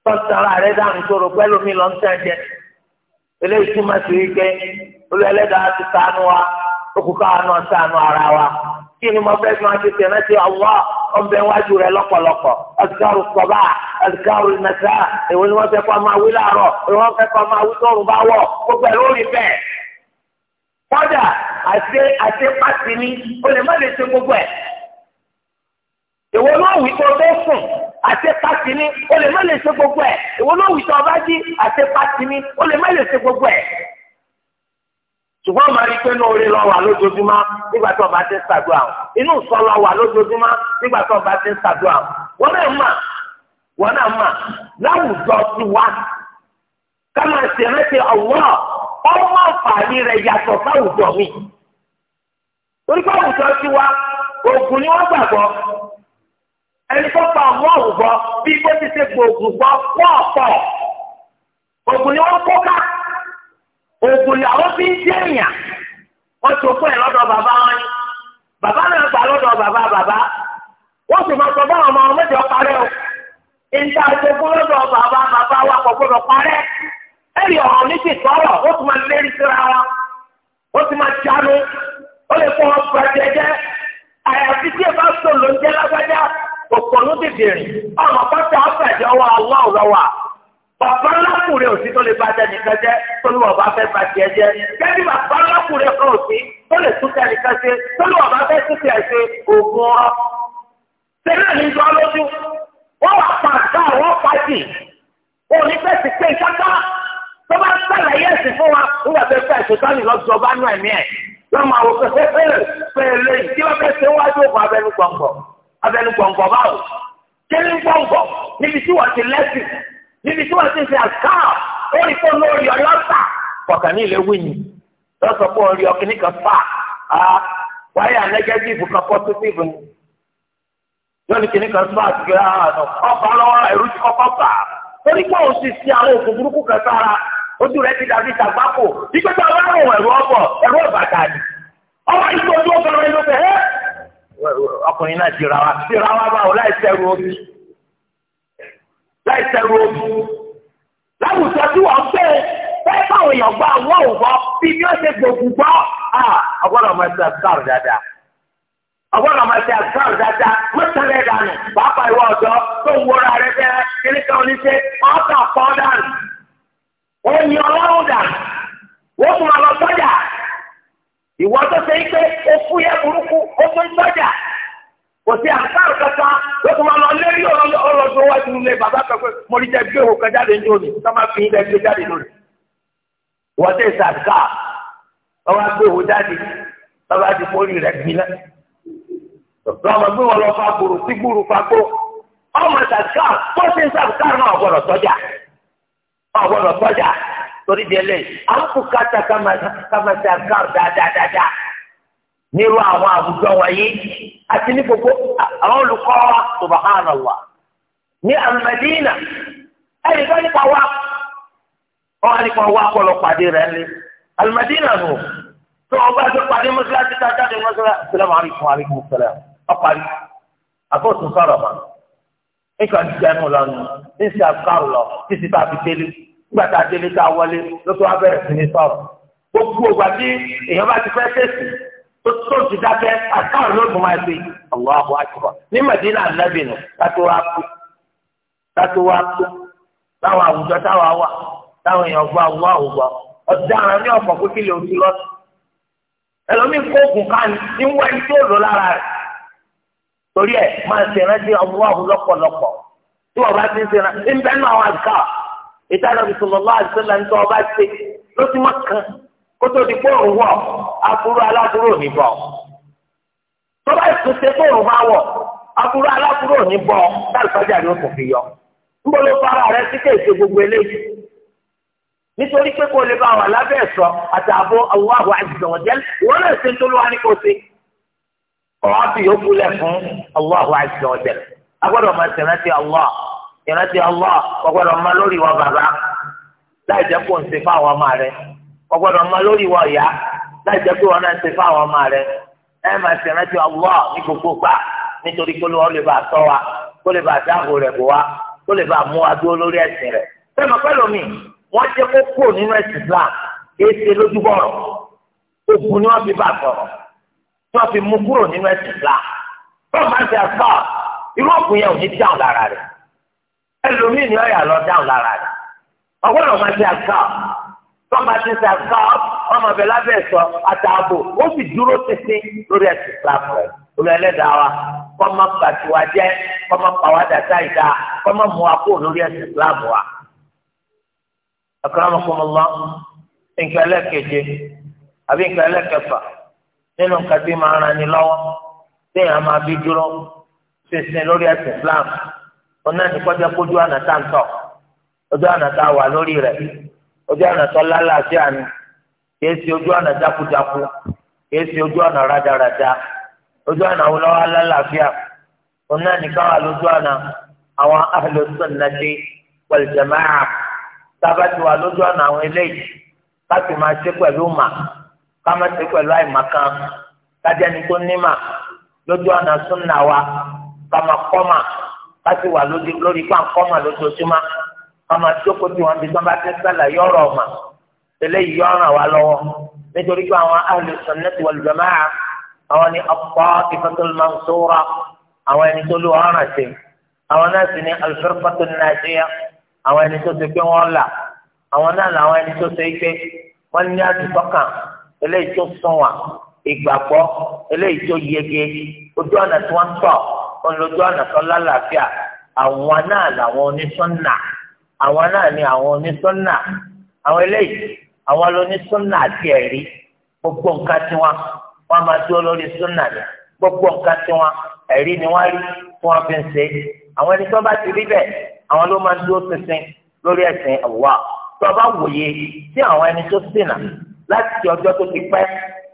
tó ń tara rẹ dànù sọ̀rọ̀ pẹ̀lú mi lọ ń tẹ jẹ eléyìí tí máa ṣe é gbẹ olú ẹlẹ́dàá ti ṣàánú wa òkùnkà náà ṣàánú ara wa kí ni mo fẹ́ fi máa ti tẹ̀lé ti ọwọ́ ọbẹ̀ wájú rẹ lọ́pọ̀lọpọ̀ azikaru sọba azikaru nasa èwo ni wọ́n fẹ́ kọ́ máa wí láàárọ̀ èwo wọ́n fẹ́ kọ́ máa wí tóorùn bá wọ̀ gbogbo ẹ̀ lórí bẹ́ẹ̀. kọ́dà àti àti pàṣẹ ni o lè má lè ṣe gbogbo ẹ̀ ìwọ náà wí tó tó sùn àti pàtì ni o lè má lè ṣe gbogbo ìwọ ọba jí àti pàtì ni o lè má lè ṣe gbogbo ṣùgbọ́n màá rí i pé inú orí lọ wà lójoojúmọ́ nígbà tó ọba ti ń ṣàdúrà inú sọ lọ wà lójoojúmọ́ nígbà tó ọba ti ń ṣàdúrà wọn náà mà wọn náà mà láwùjọ ti wá ká máa mi. òògùn ni wọ́n gbàgbọ́ ẹni tó pa ọmọ òwúgbọ bí bó ti ṣe gbòògùn gbọ pọ̀pọ̀ ògùn ni wọ́n kó ká ògùn làwọn fi ń jẹ́ èèyàn wọ́n tó fún ẹ̀ lọ́dọ̀ bàbá wọn ni bàbá náà gbà bàbá bàbá o ìta bàbá bàbá wa kò ní ti sọ̀rọ̀ ó ti máa lérí síra wa ó ti máa jánu ó lè àyàfi tí ẹ òpò ló dìde rìn ọmọ pátá àgbàjọ wa aláwọ lọwà bàbá ńlákùnrin òsì tó lè bá tẹnìkan jẹ tó lè wà bá fẹ́ bá tiẹ̀ jẹ kẹbí bàbá ńlákùnrin kan òsì tó lè tún tẹnìkan ṣe tó lè wà bá fẹ́ tún tiẹ̀ ṣe ògùn ọ̀rọ̀ tẹ́lẹ̀ ní ìjọ lójú wọn wà pa àgbà wọn pàtì wọn ò ní fẹ́ sì pé ìṣáká tó bá sàlàyé ẹ̀sìn fún wa nígbà tó fẹ́ ìṣòkánì lọ́sọ̀ bá nù ẹ̀mí ẹ̀ lọ́mọ àwọn pẹ̀lẹ́ pẹ̀lẹ́ fẹ́ ṣe abẹnú gbọ̀ngbọ̀ báwò kéré gbọ̀ngbọ̀ níbi tí wọ́n ti lẹ́sìn níbi tí wọ́n ti fi àká orí tó lórí ọyọ́ sà kọ̀ọ̀kan ní ilé wíyìn lọ́sọ̀ pé orí ọkì nìkan fà á wáyà nẹ́gẹ́tìfù kan pọ́sítìfù ni lónìí kìnnìkan fà á ti gbé àánú lọ́wọ́ ẹ̀rú ti kọ́kọ́ fà á torí àwọn òkú burúkú kan sára ojú rẹ ti dàbí ìgbésẹ̀ ọlọ́run ẹ̀rú ẹ̀rú ọ̀bàtà ni ọkùnrin náà ti ra wa ti ra wa báwo láì sẹ́rù omi láì sẹ́rù omi láwùjọ tí wọ́n gbé fẹ́ báwọn èèyàn gbọ́ àwọn òwò bí ni ó ṣe gbòògùn gbọ́ ọgbọ́dọ̀ máa ṣe àṣàrò dáadáa ọgbọ́dọ̀ máa ṣe àṣàrò dáadáa mọ́tàlẹ́ dànù pàápàá ìwọ ọ̀dọ́ tó ń wọra rẹ fẹ́ kiri kan oníṣẹ́ ọ̀ọ́ta pọ̀ dànù òyìn ọlọ́run dànù wọ́n tún máa lọ sọ́jà ìwọ tó ṣe ike ó fún yẹ burúkú ó tún sọjà kò sí àǹkárò kankan ló tún máa lọ lérí ọ̀rọ̀ wájú lé bàbá kan pé jáde ní òní tó máa fi ilẹ̀ gbé jáde lónìí. wọ́n tẹ̀ sàkà ọba gbé òun jáde bàbá ti forí rẹ̀ gbiná. lọ́mọ gbé wọn lọ fa gbòòrò sí gbòòrò fa gbó ọmọ torí di ẹlẹ́yìn àbùkátà kàmáṣe àkàrò dáadáa nírú àwọn àwùjọ wọ̀nyí àti ní gbogbo àwọn olùkọ́ wa subhanallah ní Al-Madina ẹ̀rí kan nípa wa wọ́n á nípa wa kọ́ lọ pàdé rẹ̀ lé Al-Madina nù tó ọba tó pàdé mọ́sálásí tá a jáde mọ́sálásí assalamu alaikum alaikum assalam ọ̀pàdé àbọ̀tún sọ̀rọ̀ mọ́ nǹkan jẹ́nu lọ́nu ní sàkàrọ̀ lọ títí tá fi délé gbàtà délé tá a wọlé ló tó wá bẹ̀rẹ̀ sí ní sọ́ọ̀bù gbogbo ògbà tí èèyàn bá ti fẹ́ tẹ̀sí tó tó ti dákẹ́ àtàwọn olóògùn máa fi ọ̀wọ́ àbọ̀ àtìkọ́ ní Mẹ̀dínà lẹ́bìnú kátó wá kú kátó wá kú táwọn àwùjọ táwọn wà táwọn èèyàn gbọ́ àwọn àwùjọ ọ̀daràn ní ọ̀pọ̀ kékeré ojú lọ́sí ẹlòmíì kó oògùn kan ní wẹ́n tí ó lò lára rẹ̀ torí ẹ̀ máa ṣèrántí ọ̀wọ́ àwùjọ lọ́pọ̀lọpọ̀ tí wọ́n bá ti ń ṣèrántí ń bẹ́ẹ̀ náà wà ká ìtàn àbí sọlọ́lá àdìsọ́lá ń tọ́ ọba ṣe ló ti mọ́ kan kó tó di pé òun wọ̀ aburú aláburú òní bọ̀. tó bá ìtúnṣe pé òun máa wọ̀ aburú aláburú òní bọ̀ táì sọ́jà ni ó kò fi yọ. ń bọ́ ló fara rẹ sí kéèké gbogbo eléyìí. nítorí pé kó lè bá wà lábẹ́ ẹ̀sọ́ àti àbọ̀ Allahu azza wa jal wọ́n lè ṣe tó lọ́wọ́ ní kò sí. ọ̀hún àbí yóò kú lẹ̀ fún Allahu azza wa jal ìrántí Allah kò gbọ́dọ̀ má lórí wọn bàbá láì jẹ́ kó ń ṣe fáwọn ọmọ rẹ kò gbọ́dọ̀ má lórí wọn ìyá láì jẹ́ kó wọn náà ń ṣe fáwọn ọmọ rẹ ẹ máa ṣe ìrántí Allah ní gbogbo gbà nítorí kó ló wọn lè bá tọ́ wa kó lè bá dáàbò rẹ̀ bò wa kó lè bá mú wa dúró lórí ẹ̀sìn rẹ̀ bẹ́ẹ̀ mọ̀ pẹ́lú mi wọ́n jẹ́ kó kúrò nínú ẹ̀sìn Islam kìí ṣe lójúbọ̀rọ̀ ogun ni wọ́n fi bá sọ̀rọ̀ tí wọ́n fi mú kúrò nínú ẹ̀sìn Islam bọ́ọ̀ máa ń ṣe àṣà irú ọ̀gbìn yẹn ò ní dáhùn lára rẹ̀ ẹlòmíì ni ọ̀yà lọ dáhùn lára rẹ̀ ọgbọ́n ọmọ ti àká tọ́ba ti ti àká ọmọ bẹ̀ lábẹ́ ẹ̀sọ́ àtààbò ó sì dúró títí lórí ẹ̀sìn islam rẹ̀ olú ẹlẹ́dàá wa kọ́mọ pàtiwá jẹ́ kọ́mọ pàwádà sáìdá kọ́mọ mú wa kó lórí ẹ̀sìn islam wa. akramakumullah nǹkan ẹlẹ́kẹ̀jẹ àbí nǹkan ẹlẹ́kẹfà nínú nǹkan tí máa ń rani lọ́wọ́ téèyàn máa bí dúró ṣinṣin lórí ẹ̀sìn islam ọ̀nà ìkọjá kójú ọ̀nà tá à ń tọ̀ ojú ọ̀nà tá a wà lórí rẹ̀ ojú ọ̀nà tó lálàáfíà ni kìí ṣe ojú ọ̀nà jákujáku kìí ṣe ojú ọ̀nà rádaràda ojú ọ̀nà wo lọ́wọ́ lálàáfíà ọ̀nà nìkan wà lójú ọ̀nà àwọn ahlu sunnati wal jamaa tábàtì wà lójú ọ̀nà àwọn eléyìí káàtì máa ṣe pẹ̀lú mà ká má ṣe pẹ̀lú àìmọ̀kan kájẹ́ni tó ní mà lójú ọ̀nà sunna bá ti wà lórí pàǹkọ́mà lójoojúmọ́ ọmọ àjókòó tí wọ́n ti sọ́n bá ti sàlàyé ọ̀rọ̀ ọ̀mà eléyìí yọ ọ̀ràn wa lọ́wọ́ nítorí pé àwọn ahlu sunnati wal jamaa àwọn ni at-ta'ifatul mansura àwọn ẹni tó lù ọ̀ràn sí àwọn náà sì ni al-firqatun najiyah àwọn tó ti eléyìí tó sùn wà eléyìí tó yege ojú ọ̀nà tí wọ́n tọ̀ ọlọ́jọ́ ànàtọ́ lálàáfíà àwọn náà làwọn onísọ́nà àwọn náà ni àwọn onísọ́nà àwọn eléyìí àwọn onísọ́nà àti ẹ̀rí gbogbo nǹkan tiwọn wọn máa dúró lórí sọ́nà ni gbogbo nǹkan tiwọn ẹ̀rí ni wọ́n rí tí wọ́n fi ń ṣe àwọn ẹni tó bá ti rí bẹ́ẹ̀ àwọn ló máa dúró ṣinṣin lórí ẹ̀sìn ọ̀wá tó bá wòye sí àwọn ẹni tó ṣìnà láti ọjọ́ tó ti pẹ́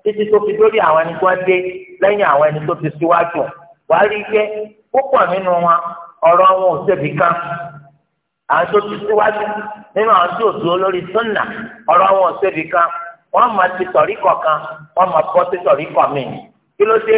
títí tó fi dórí àwọn ẹni tó dé lẹ́yìn àwọn ẹni tó ti síwájú wàá rí i pé púpọ̀ nínú wọn ọ̀rọ̀ wọn ò ṣèbí kan àwọn tó ti síwájú nínú àwọn tó dúró lórí sunna ọ̀rọ̀ wọn ò ṣèbí kan wọ́n máa ti tọ̀ríkọ̀ kan wọ́n máa bọ́ sí tọ̀ríkọ̀ mi kí ló dé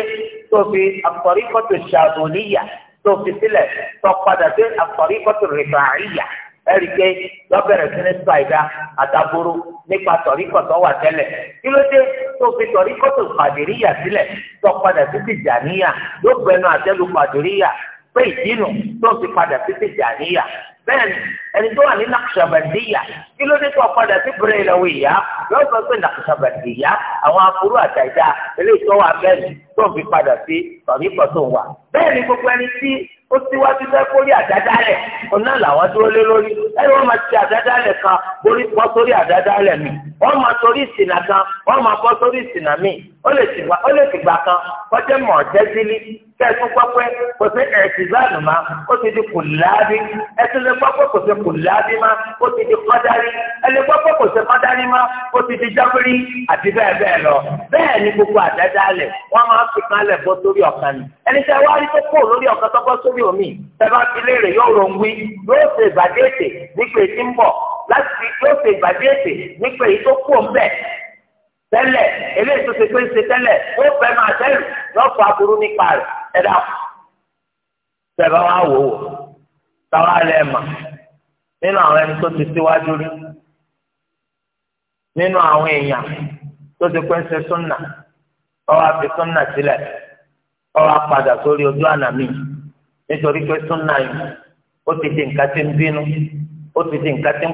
tó fi àtọ̀ríkọ̀ tó ṣàbòlíyà tó fi sílẹ̀ tó padà dé àtọ̀ríkọ̀ tó rìbàáyà ẹ̀rí pé lọ́bẹ̀rẹ̀ sí ní ṣàìdá àtàbúrú nípa tọ̀ríkọ̀ tó wà tẹ́lẹ̀ kí ló dé tó fi tọ̀ríkọ̀ tó Qadiriyya sílẹ̀ tó padà sí Tijaniyya ló gbẹnu àtẹ́lu Qadiriyya pé ìdínú tó fi padà sí Tijaniyya bẹ́ẹ̀ ni ẹni tó wà ní Naqshbandiyya kí ló dé tó padà sí Bẹ̀rẹ̀lawiyya yóò sọ pé Naqshbandiyya àwọn afurú àtàìdá eléyìí tó wà bẹ́ẹ̀ tó fi padà sí tọ̀ríkọ̀ tó wà bẹ́ẹ̀ gbogbo ẹni tí ó síwájú fẹ́ kórí àdádálẹ̀ ọ̀nà làwọn dúró lé lórí ẹni wọ́n máa ti àdádálẹ̀ kan borí bọ́ sórí àdádálẹ̀ mi wọ́n máa sórí ìsìnà kan wọ́n máa bọ́ sórí ìsìnà mi ó lè tìgbà kan kọjá mọ̀ ọ́jẹ́ sílí kẹ́ẹ̀tún pọ́pẹ́ kò sí ẹ̀ẹ́dìbáàlù máa ó ti di kùláàbí ẹ̀tún lè pọ́pẹ́ kò sí kùláàbí máa ó ti di kọ́dárí ẹ̀lẹ́ pọ́pẹ́ kò sí kọ́dárí máa ó ti di jábírí àti bẹ́ẹ̀ bẹ́ẹ̀ lọ bẹ́ẹ̀ ni gbogbo àdáda lẹ̀ wọ́n máa fi kan lẹ̀ bọ́ sórí ọ̀kan ni ẹni tẹ́ wá rí tó kó lórí ọ̀kan tó bọ́ sórí omi tẹ́lá ti léèrè yóò ro ń wí yóò ṣe ìbàdí ètè nípa ètí ń bọ̀ láti yóò ṣe ìbàdí ètè nípa èyí tó kú òun tẹ́lẹ̀ eléyìí tó ṣe pé ń ó fẹ́ máa tẹ́lẹ̀ lọ́pọ̀ aburú nípa rẹ̀ ẹ dà kù. Ṣẹ̀bá wò ó, mà nínú àwọn ẹni tó ti síwájú rí, nínú àwọn èèyàn tó ti pé súnà, ọwọ́ àfi súnà nítorí pé súnà yìí ti di nǹkan tí ń ti di nǹkan tí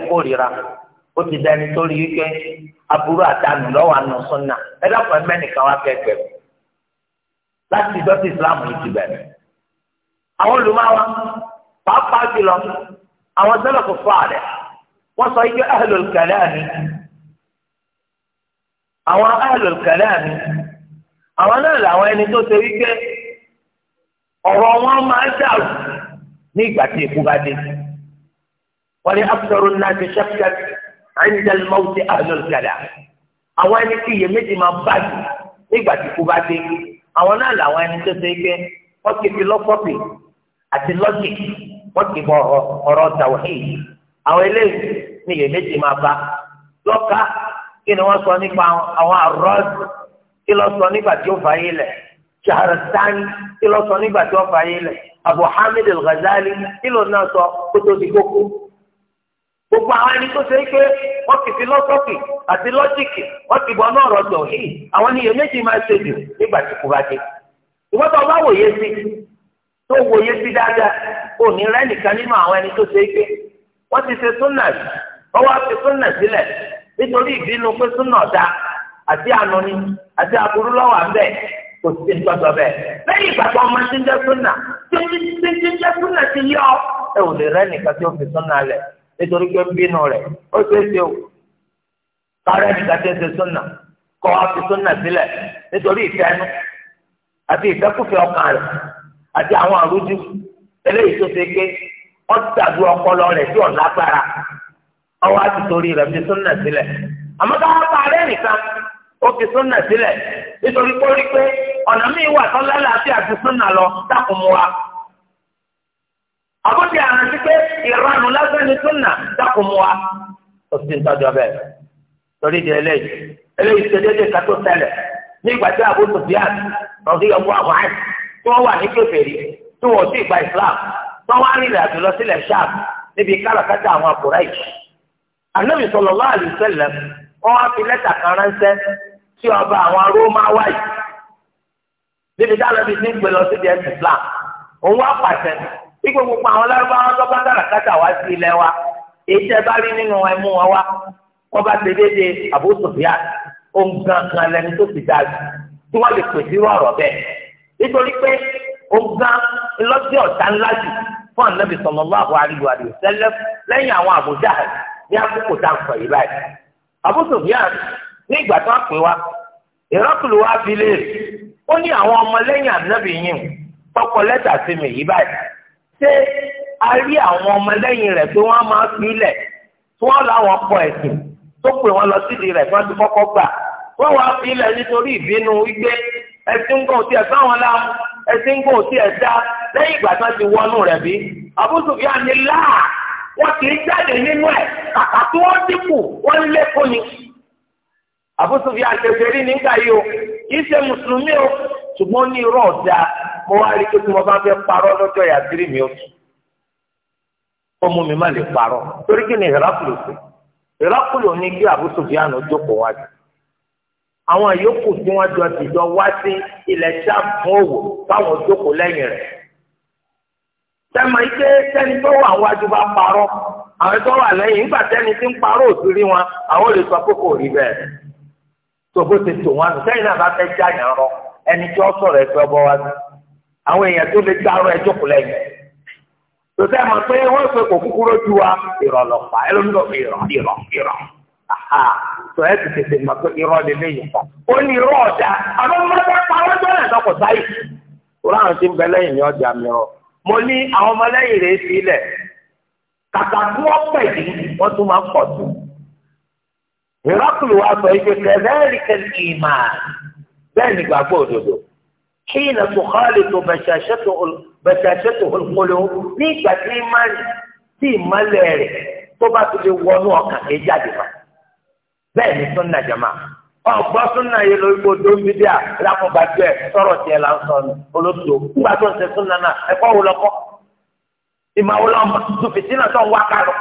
ń ti dẹni tó rí aburú àdánù lọ́wọ́ àna sunna ẹ dàpọ̀ ẹ mẹ́nìkan wá kẹ́kẹ́ láti ìjọ tí islam yìí ti bẹ̀rẹ̀. àwọn olùmọ̀wá pàápàá jùlọ àwọn sẹ́lẹ̀kù fààrẹ̀ wọ́n sọ ike ahlul kalami àwọn ahlul kalami àwọn náà làwọn ẹni tó ṣe wípé ọ̀rọ̀ wọn máa dàrú ní ìgbà tí ikú bá dé. wọ́n ní abdul náà ti àyìnjẹ́lì máa wù sí àhánàlù gàdà àwọn ẹni tí iyèméjì máa bá jù nígbà tí kú bá dé àwọn náà làwọn ẹni tó ṣe pé wọ́n ti fi lọ́kọ́pì àti lọ́jìkì wọ́n ti bọ ọ̀rọ̀ tàwọ̀hìn àwọn eléyìí ní iyèméjì máa bá lọ́ka kí ni wọ́n sọ nípa àwọn àrọ́ọ̀dù kí ló sọ nígbà tí ó fà yé lẹ̀ shaharastani kí ló sọ nígbà tí ó fà yé lẹ̀ abu hamid al-ghazali kí ló náà sọ kótó ti kókó. gbogbo àwọn ẹni tó ṣe é pé wọ́n ti fi lọ́sọ́ọ̀kì àti lọ́jìkì wọ́n ti bọ̀ náà rọ̀jò yìí àwọn ni iyèméjì máa ṣe jù nígbà tí kò bá dé. ìwọ́n bá wòye sí tó wòye sí dáadáa kò ní rẹ́ nìkan nínú àwọn ẹni tó ṣe é pé wọ́n ti ṣe súnà wọ́n wá fi súnà sílẹ̀ nítorí ìbínú pé súnà àti ànúni àti aburú lọ́wọ́ nítorí pé ń bínú rẹ̀ ó ṣeé ṣe o kárẹ́ nìkan ti ń ṣe súnà kọ́ wa fi súnà sílẹ̀ nítorí ìfẹ́ ẹnu àti ìfẹ́kùfẹ́ ọkàn rẹ̀ àti àwọn àrújú eléyìí tó ṣe pé ọ̀tàdú ọpọlọ rẹ̀ tí ọ̀nà agbára ọwọ́ àti torí rẹ̀ fi súnà sílẹ̀ àmọ́ káwá kárẹ́ nìkan ó fi súnà sílẹ̀ nítorí pé ó ọ̀nà míì wà tọ́lá láti àti súnà lọ dákùnmùwa àbúté àrùn sí pé ìranù lásán ni súnà dákun mu wa ó sì ń tọ́jú ọbẹ̀ ṣe déédéé ká tó nígbà tí Abu Sufyan rọ̀bí àwọn tí wọ́n wà ní kèfèrí tí wọ́n sì gba Islam tí wọ́n wá rìnrìn lọ sílẹ̀ ṣáàbù níbi káràkátà àwọn Quraish Ànábì sallallahu ọba àwọn Rómáwá yìí níbi dáná bíi ní ẹ̀sìn Islam òun wá Ipò gbogbo àwọn lárúbáwá tó bá káràkátà wá sí ilẹ̀ wa, èyí tẹ́ bá rí nínú ẹmú wọn wá, wọ́n bá ṣe déédéé Abu Sufyan, ohun gangan lẹni tó ti dájú, tí wọ́n lè pèsè irú ọ̀rọ̀ bẹ́ẹ̀. Nítorí pé ohun gan lọ́jọ́ ọ̀tá ńlá jù fún ànábì sallallahu alaihi wa sallam lẹ́yìn àwọn Abu Jahl ní àkókò tá à sọ yìí báyìí. Abu Sufyan ní ìgbà tó pè wá ìrọ́kùlù wa fi léèrè ó ní àwọn ọmọlẹ́yìn ṣé a rí àwọn lẹ́yìn rẹ̀ pé wọ́n máa fi ilẹ̀ tí wọ́n láwọn kọ ẹ̀sìn tó pè wọ́n lọ sídìí rẹ̀ tí wọ́n wọ́n wá fi ilẹ̀ nítorí ìbínú wípé ẹ̀sìn òtí ẹ̀ sáwọn láwọn ẹ̀sìn lẹ́yìn ìgbà tí wọ́n ti wọnú rẹ̀ bí kì jáde nínú ẹ̀ kàkà tí wọ́n wọ́n lé fún ni nígbà o kì í ṣe ṣùgbọ́n ní irọ́ ọ̀dà mo wá rí i pé tí mo bá fẹ́ parọ́ lọ́jọ́ mi ó tù ó mi má lè parọ́ torí kí ni ìrákùlù sí ìrákùlù ní kí Abu Sufyan jókòó àwọn yòókù tí wọ́n jọ tìjọ wá sí ilẹ̀ sáà òwò jókòó lẹ́yìn rẹ̀ tẹ́mọ̀ ike tẹ́ni tó wà wájú bá parọ́ àwọn tó wà lẹ́yìn nígbà wọn àwọn rí bẹ́ẹ̀ tó bó ti tò wọn ẹni tí wọ́n sọ̀rọ̀ ẹ̀fẹ́ ọbọ̀ wa sí àwọn èèyàn tó lè dárọ̀ ẹjọ́ kù lẹ́yìn tòtẹ́ mọ̀ pé wọ́n fẹ́ kò kúkúrú ju wa ìrọ̀lọ́pàá ẹlòmíràn ìrọ̀ ìrọ̀ ìrọ̀ ti tètè mọ̀ pé léyìn ó ní ọ̀dà àwọn ọmọdé pa wọ́n tó rẹ̀ sáyé ọjà mìíràn mo ní àwọn ọmọlẹ́yìn rẹ̀ ilẹ̀ ọ̀pẹ̀ yìí wọ́n tún máa ń pọ̀ bẹ́ẹ̀ ni gbàgbọ́ òdodo kí ilẹ̀ tó xaalè tó bẹ̀ṣàṣẹ́tò olùkọ́lẹ̀ o ní ìgbà tí ìmánì tí ìmọ̀lẹ̀ rẹ̀ tó bá ti lè wọnú ọkàn kì í jáde fa bẹ́ẹ̀ ni sunna jama ọgbọ́n súnà yìí lórí kó dó bíbí à lákùnbàjẹ́ sọ̀rọ̀ tiẹ̀ là ń sọ ní olóòtú nígbà tó ń ṣe súnà náà ẹ̀kọ́ wo lọ́kọ́ ìmọ̀ wo lọ́mọ tó ń wá kárọ̀.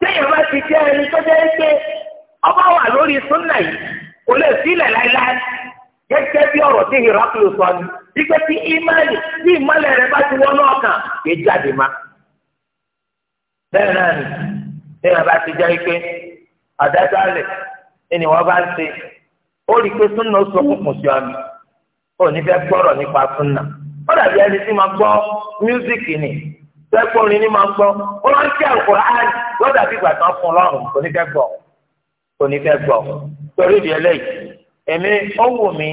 téèyàn bá ti jẹ́ ẹni tó jẹ́ pé kò lè sílẹ̀ láíláí gẹ́gẹ́ bí ọ̀rọ̀ tí hirakulu sọ ni wípé tí ìmọ̀lẹ̀ tí ìmọ̀lẹ̀ rẹ bá ti wọnú ọkàn jáde má. bẹ́ẹ̀ náà ni bí wọn bá ti jẹ́ ni wọ́n bá ń ṣe rí i pé súnà ó sọkùnkùn sí ò ní fẹ́ nípa súnà ó dàbí ẹni tí máa gbọ́ gbọ́ ó máa ń kí ìgbà tán fún ọlọ́run ní fẹ́ gbọ́ kò ní torí ìdí ẹlẹ́yìí èmi ó wù mí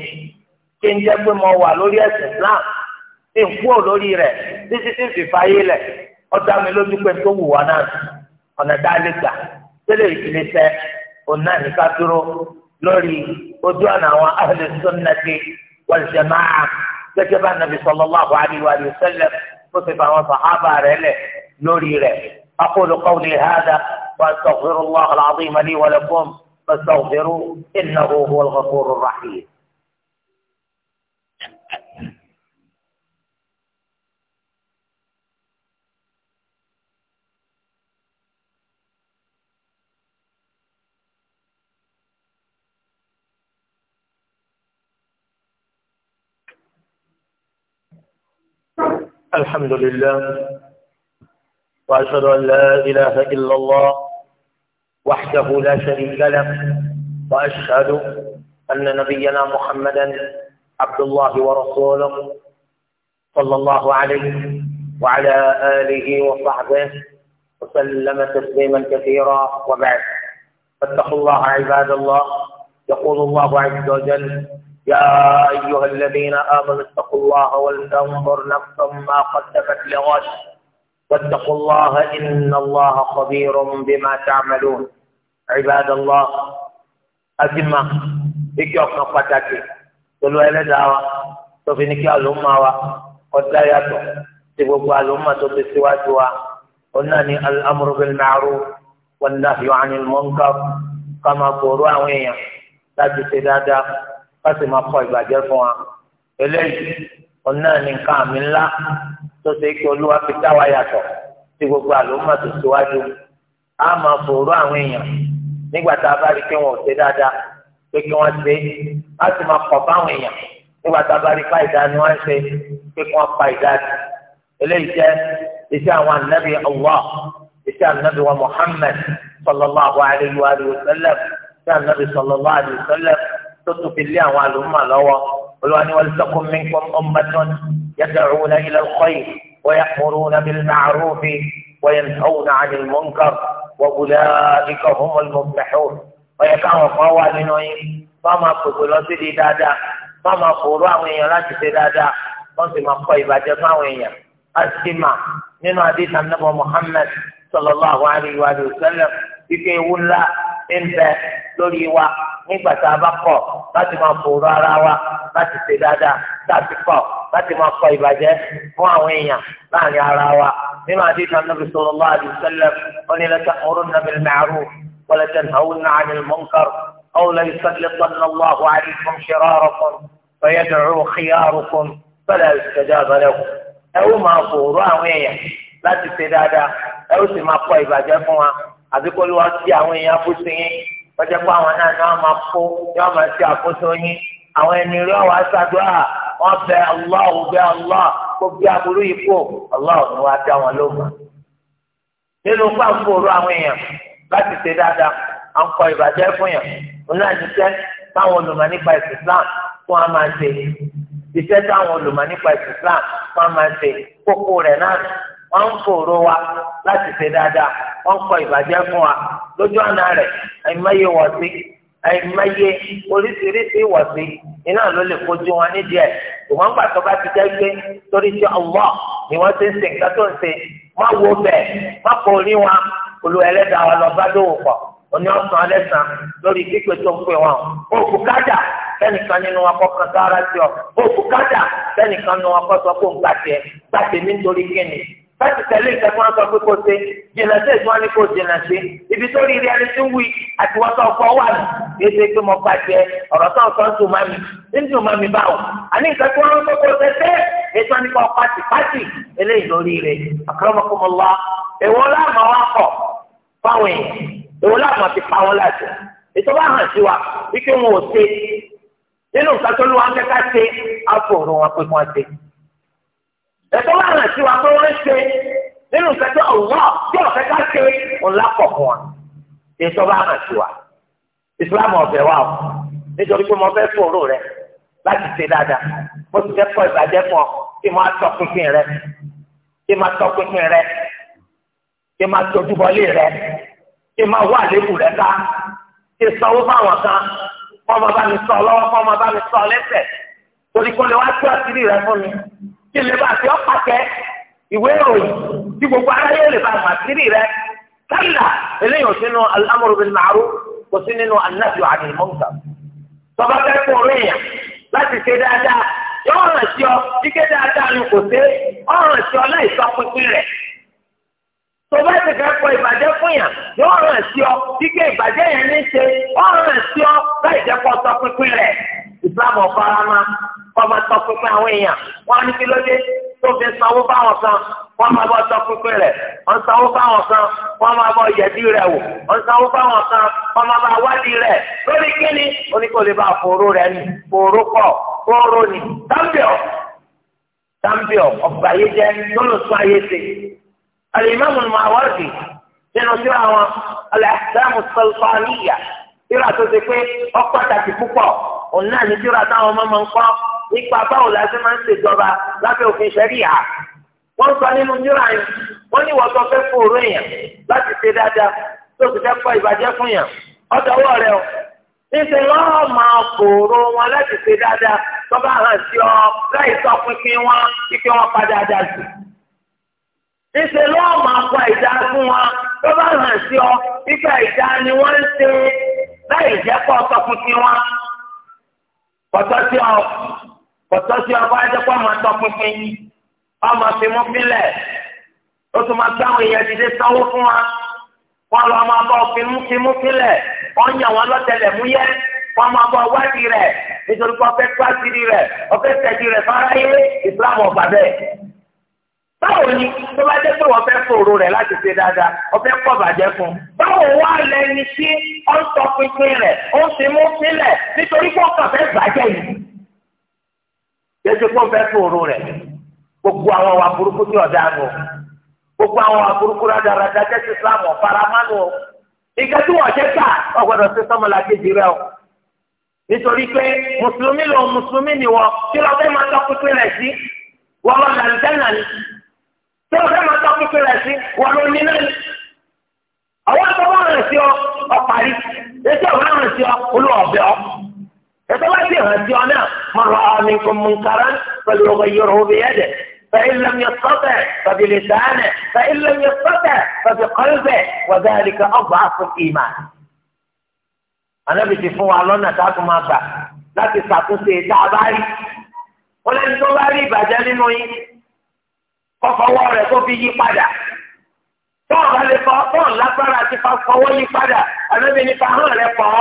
kí n jẹ́ pé mo wà lórí ẹ̀sìn Islam tí n kúrò lórí rẹ̀ títí tí n fi fàyè lẹ̀ ó dá mi lójú pé tó wù wá náà ọ̀nà dálé gbà tẹ́lẹ̀ ìdílé tẹ́ òun náà ní ká dúró lórí ojú ọ̀nà àwọn ahlu sunnati wal jamaa gẹ́gẹ́ bá nàbì sallallahu alaihi wa sallam tó ti fa sàhábà rẹ̀ lẹ̀ lórí rẹ̀ aqulu qawli hadha wa astaghfirullah al-azim li فاستغفروا إنه هو الغفور الرحيم الحمد لله وأشهد أن لا إله إلا الله وحده لا شريك له وأشهد أن نبينا محمدا عبد الله ورسوله صلى الله عليه وعلى آله وصحبه وسلم تسليما كثيرا وبعد فاتقوا الله عباد الله يقول الله عز وجل يا أيها الذين آمنوا اتقوا الله ولتنظر نفس ما قدمت لغد واتقوا الله إن الله خبير بما تعملون Ibadallah azima ike ọ̀kan pàtàkì tolu ẹlẹ́dàá wa tóbi ní kí àlùmọ́ wa ọ̀dá yàtọ̀ tí gbogbo àlùmọ́ tó ti síwájú wa ọ̀nà ni al-amru bil ma'ruf wan nahyu 'anil munkar ká máa gbòòrò àwọn èèyàn láti ṣe dáadáa ká sì máa kọ ìbàjẹ́ fún wa eléyìí ọ̀nà ni nǹkan àmì ńlá tó ṣe kí olúwa fi dá wa yàtọ̀ tí gbogbo àlùmọ́ tó síwájú á máa gbòòrò àwọn èèyàn. nígbà tá a bá rí i pé wọn ò ṣe dáadáa pé kí wọ́n ṣe á sì máa kọ̀ fáwọn èèyàn nígbà tá a bá rí i pa ìdá ni wọ́n ṣe pé kí wọ́n pa ìdá sí eléyìí jẹ́ iṣẹ́ àwọn ànábì Allah iṣẹ́ ànábì wa Muhammad sallallahu alayhi wa sallam iṣẹ́ ànábì sallallahu alayhi wa sallam tó tó fi lé àwọn àlùmọ̀ lọ́wọ́ olùwàní wọn wal takum minkum ummatun yad'una ila al-khayr wa ya'muruna bil ma'ruf wa wọ́n 'anil munkar. وأولئك هم المفلحون ويكاو قوا لنوي فما قبلوا سيدي دادا فما قولوا وين لا تسي دادا فما قوا بجمع وين أسمع من حديث النبي محمد صلى الله عليه وآله وسلم ike ewu ńlá ń bẹ lórí wa nígbà tá a bá kọ̀ láti máa fòrò ara wa láti ṣe dáadáa láti kọ̀ láti máa kọ̀ ìbàjẹ́ fún àwọn èèyàn láàrin ara wa nínú àdéhùn anábì lọ àdìsí wasallam wọn ní náà ní mọnkà kún bẹyẹ dùnrún xiyàrù kún fẹlẹ ṣẹjọ àbẹlẹ kún ẹwù èèyàn láti ṣe لتأمرن بالمعروف ولتنهون عن المنكر أو ليسلطن الله عليكم شراركم فيدعو خياركم fele يستجاب abele ẹ ewu máa fòrò àwọn èèyàn láti ṣe dáadáa ewu sì máa kọ̀ ìbàjẹ́ fún wa. àbí kó ló wá sí àwọn èèyàn àkóso yín wọ́n jẹ́ pé àwọn náà ni wọ́n máa kó ni wọ́n máa ṣe àkóso yín àwọn ẹni rí ọ̀wá ṣàdúrà wọ́n bẹ Allah ò bẹ Allah kó bí aburú yìí kó Allah ò ní wá dá wọn lóhùn. nínú pàǹfòrò àwọn èèyàn láti ṣe dáadáa à ń kọ ìbàjẹ́ fún yàn òun náà ní sẹ́ táwọn olùmọ̀ nípa ìsìlám fún wa máa ṣe iṣẹ́ táwọn olùmọ̀ nípa ìsìlám fún wa máa ṣe kókó rẹ̀ náà wọ́n ń fòrò wa láti ṣe dáadáa wọ́n kọ ìbàjẹ́ fún wa lójú àná rẹ̀ àìmọye wọ̀sí àìmọye oríṣiríṣi wọ̀sí iná ló lè kojú wọn nídìí ẹ̀ ìwọ̀n gbà bá ti jẹ́ pé torí tí Allah ni wọ́n ti ń ṣe nǹkan tó ń ṣe má wo má kò rí wọn olú ẹlẹ́dàá lọ bá dòwò pọ̀ oní ọ̀sán ẹlẹ́sàn lórí pípé láti tẹ̀lé ìtẹ́ fún ọ̀sán pé kò ṣe jìnnà sí ìtún wọn ni kò jìnnà sí ibi tó rí rí ẹni tí ń wí àti wọn tó ọkọ wà ní kéde pé mo bá jẹ ọ̀rọ̀ tó ń sọ ń dùn má mi ń dùn má mi báwo àní ìtẹ́ fún ọ̀sán kò ṣe tẹ́ ètò wọn ni kò pàtì pàtì eléyìí lórí rẹ̀ àkàràmọ́kọ́mọ́lá èwo láàmú wa kọ̀ fáwọn èèyàn èwo láàmú ti pa wọn láti ẹ̀tọ́ wà hàn sí wa pé wọ́n ń ṣe nínú ìfẹ́tọ́ ọ̀wọ́ tí ọ̀fẹ́ ká ṣe ńlá pọ̀ fún wa ẹ̀tọ́ wà hàn sí wa ìsìlámù ọ̀fẹ́ wà o nítorí pé mo fẹ́ fòrò rẹ láti ṣe dáadáa mo ti fẹ́ kọ́ ìbàjẹ́ fún ọ kí mo atọ́ pínpín rẹ kí mo atọ́ pínpín rẹ kí mo atọ́jú rẹ kí mo wà lébù rẹ ká kí sanwó fáwọn kan kọ́ bá mi sọ lọ́wọ́ kọ́ bá mi sọ lẹ́sẹ̀ torí kó lè wá tó àṣírí rẹ fún mi. kí lè bá a ìwé ìròyìn tí gbogbo ara lè bá rẹ eléyìí ò sínú al-amru bil kò sí nínú an-nahyu tọ́ba fẹ́ fún orí láti ṣe dáadáa yóò ràn sí ọ kíké dáadáa ni kò sí ọ̀ràn sí ọ láìsọ pínpín tọ́ba ti fẹ́ ìbàjẹ́ fún sí ọ sọ pínpín rẹ. wọ́n máa tọ́ pínpín àwọn èèyàn wọ́n á ní kí lóde tó fi sanwó báwọn kan wọ́n máa bọ́ tọ́ pínpín rẹ̀ wọ́n sanwó báwọn kan wọ́n máa bọ́ yẹ̀dí rẹ̀ wò wọ́n sanwó báwọn kan wọ́n máa bá wádìí rẹ̀ lórí kíni oníkòlè bá fòró rẹ̀ ni fòró kọ̀ fòró ni dáńbíọ̀ dáńbíọ̀ ọ̀gbà yé jẹ́ lọ́lọ́sùn ayé ṣe alimami Mawardi nínú sí àwọn alẹ́sàmù sọlfàníyà tíra tó ti pé ọ pàtàkì púpọ̀ òun náà ní tíra táwọn ọmọ máa ń kọ́ nípa báwo la ṣe máa ń ṣèjọba lábẹ́ òfin ṣẹ́ríà wọ́n sọ nínú níra yẹn wọ́n ní wọ́n sọ fẹ́ fún òru èèyàn láti ṣe dáadáa tó fi fẹ́ kọ́ ìbàjẹ́ fún yàn ọ̀dọ̀ ọwọ́ rẹ o níṣẹ́ lọ́ọ́ máa kòòrò wọn láti ṣe dáadáa tó bá hàn sí ọ láì sọ pínpín wọn kíkẹ́ wọn padà dáa sí níṣẹ́ lọ́ọ́ máa kọ ìdá fún wọn tó bá hàn sí ọ kíkẹ́ ìdá ni wọ́n ń ṣe láì jẹ́ kọ́ sọ pínpín wọn kọ́tọ́ sí ọ pọ̀tọ́ sí ọkọ ajẹ́pọ̀ máa tọ́ pinpin ọmọ fimú fílẹ̀ ó tún máa gbáwọn èèyàn dìde sanwó fún wa wọn lọ máa bọ fimú fimú fílẹ̀ wọn yàn wọn lọ́tẹlẹ̀ mú yẹ wọn máa bọ wádìí rẹ̀ nítorí pé ọfẹ́ pàṣírí rẹ̀ ọfẹ́ tẹ̀jú rẹ̀ fáráyé ìsìlámù ọ̀gbà bẹ́ẹ̀ báwo ni tó bá jẹ́ pé wọ́n fẹ́ fòrò rẹ̀ láti ṣe dáadáa wọ́n fẹ́ kọ́ bàjẹ́ fún un. báwo wá lẹni tí ó ń sọ pinpin rẹ̀ ó ń fi mú sílẹ̀ nítorí pé ó kàn fẹ́ bàjẹ́ yìí kéde kó fẹ́ sòrò rẹ̀ gbogbo àwọn wà burúkú tí ọ̀dà nù gbogbo àwọn wà burúkú rádaràdà jẹ́ ti islam ọ̀faramánu o ìgbà tí wọ́n ṣe gbà ọ̀gbọ́dọ̀ sí sọ́mọlá kejì rẹ o nítorí pé mùsùlùmí lòun mùsùlùmí ni wọ́n tí lọ́ọ́ fẹ́ máa tọ́ pínpín rẹ̀ sí wọ́n lọ nàìjíríà ní tí lọ́ọ́ fẹ́ máa tọ́ pínpín rẹ̀ sí wọ́n lọ ní náà àwọn àtọ́wọ́ rẹ̀ sí ọ ọ̀parí ètò ìwé rẹ̀ sí ọ olú ẹ̀tọ́ bá ti hàn sí ọ náà mọ ra'a minkum munkaran falyughayyirhu biyadihi فإن لم يستطع فبلسانه فإن لم يستطع فبقلبه وذلك أضعف الإيمان Ànábì ti fún wa lọ́nà tá a tún máa gbà láti ṣàtúnṣe tá a bá rí wọn lẹ́ni tó bá rí ìbàjẹ́ nínú yín kó fọwọ́ rẹ̀ kó fi yí padà tọ́ọ̀ bá lè fọ tọ́ọ̀ lágbára ti fa fọwọ́ yí padà Ànábì ní fa hàn rẹ̀ pọ̀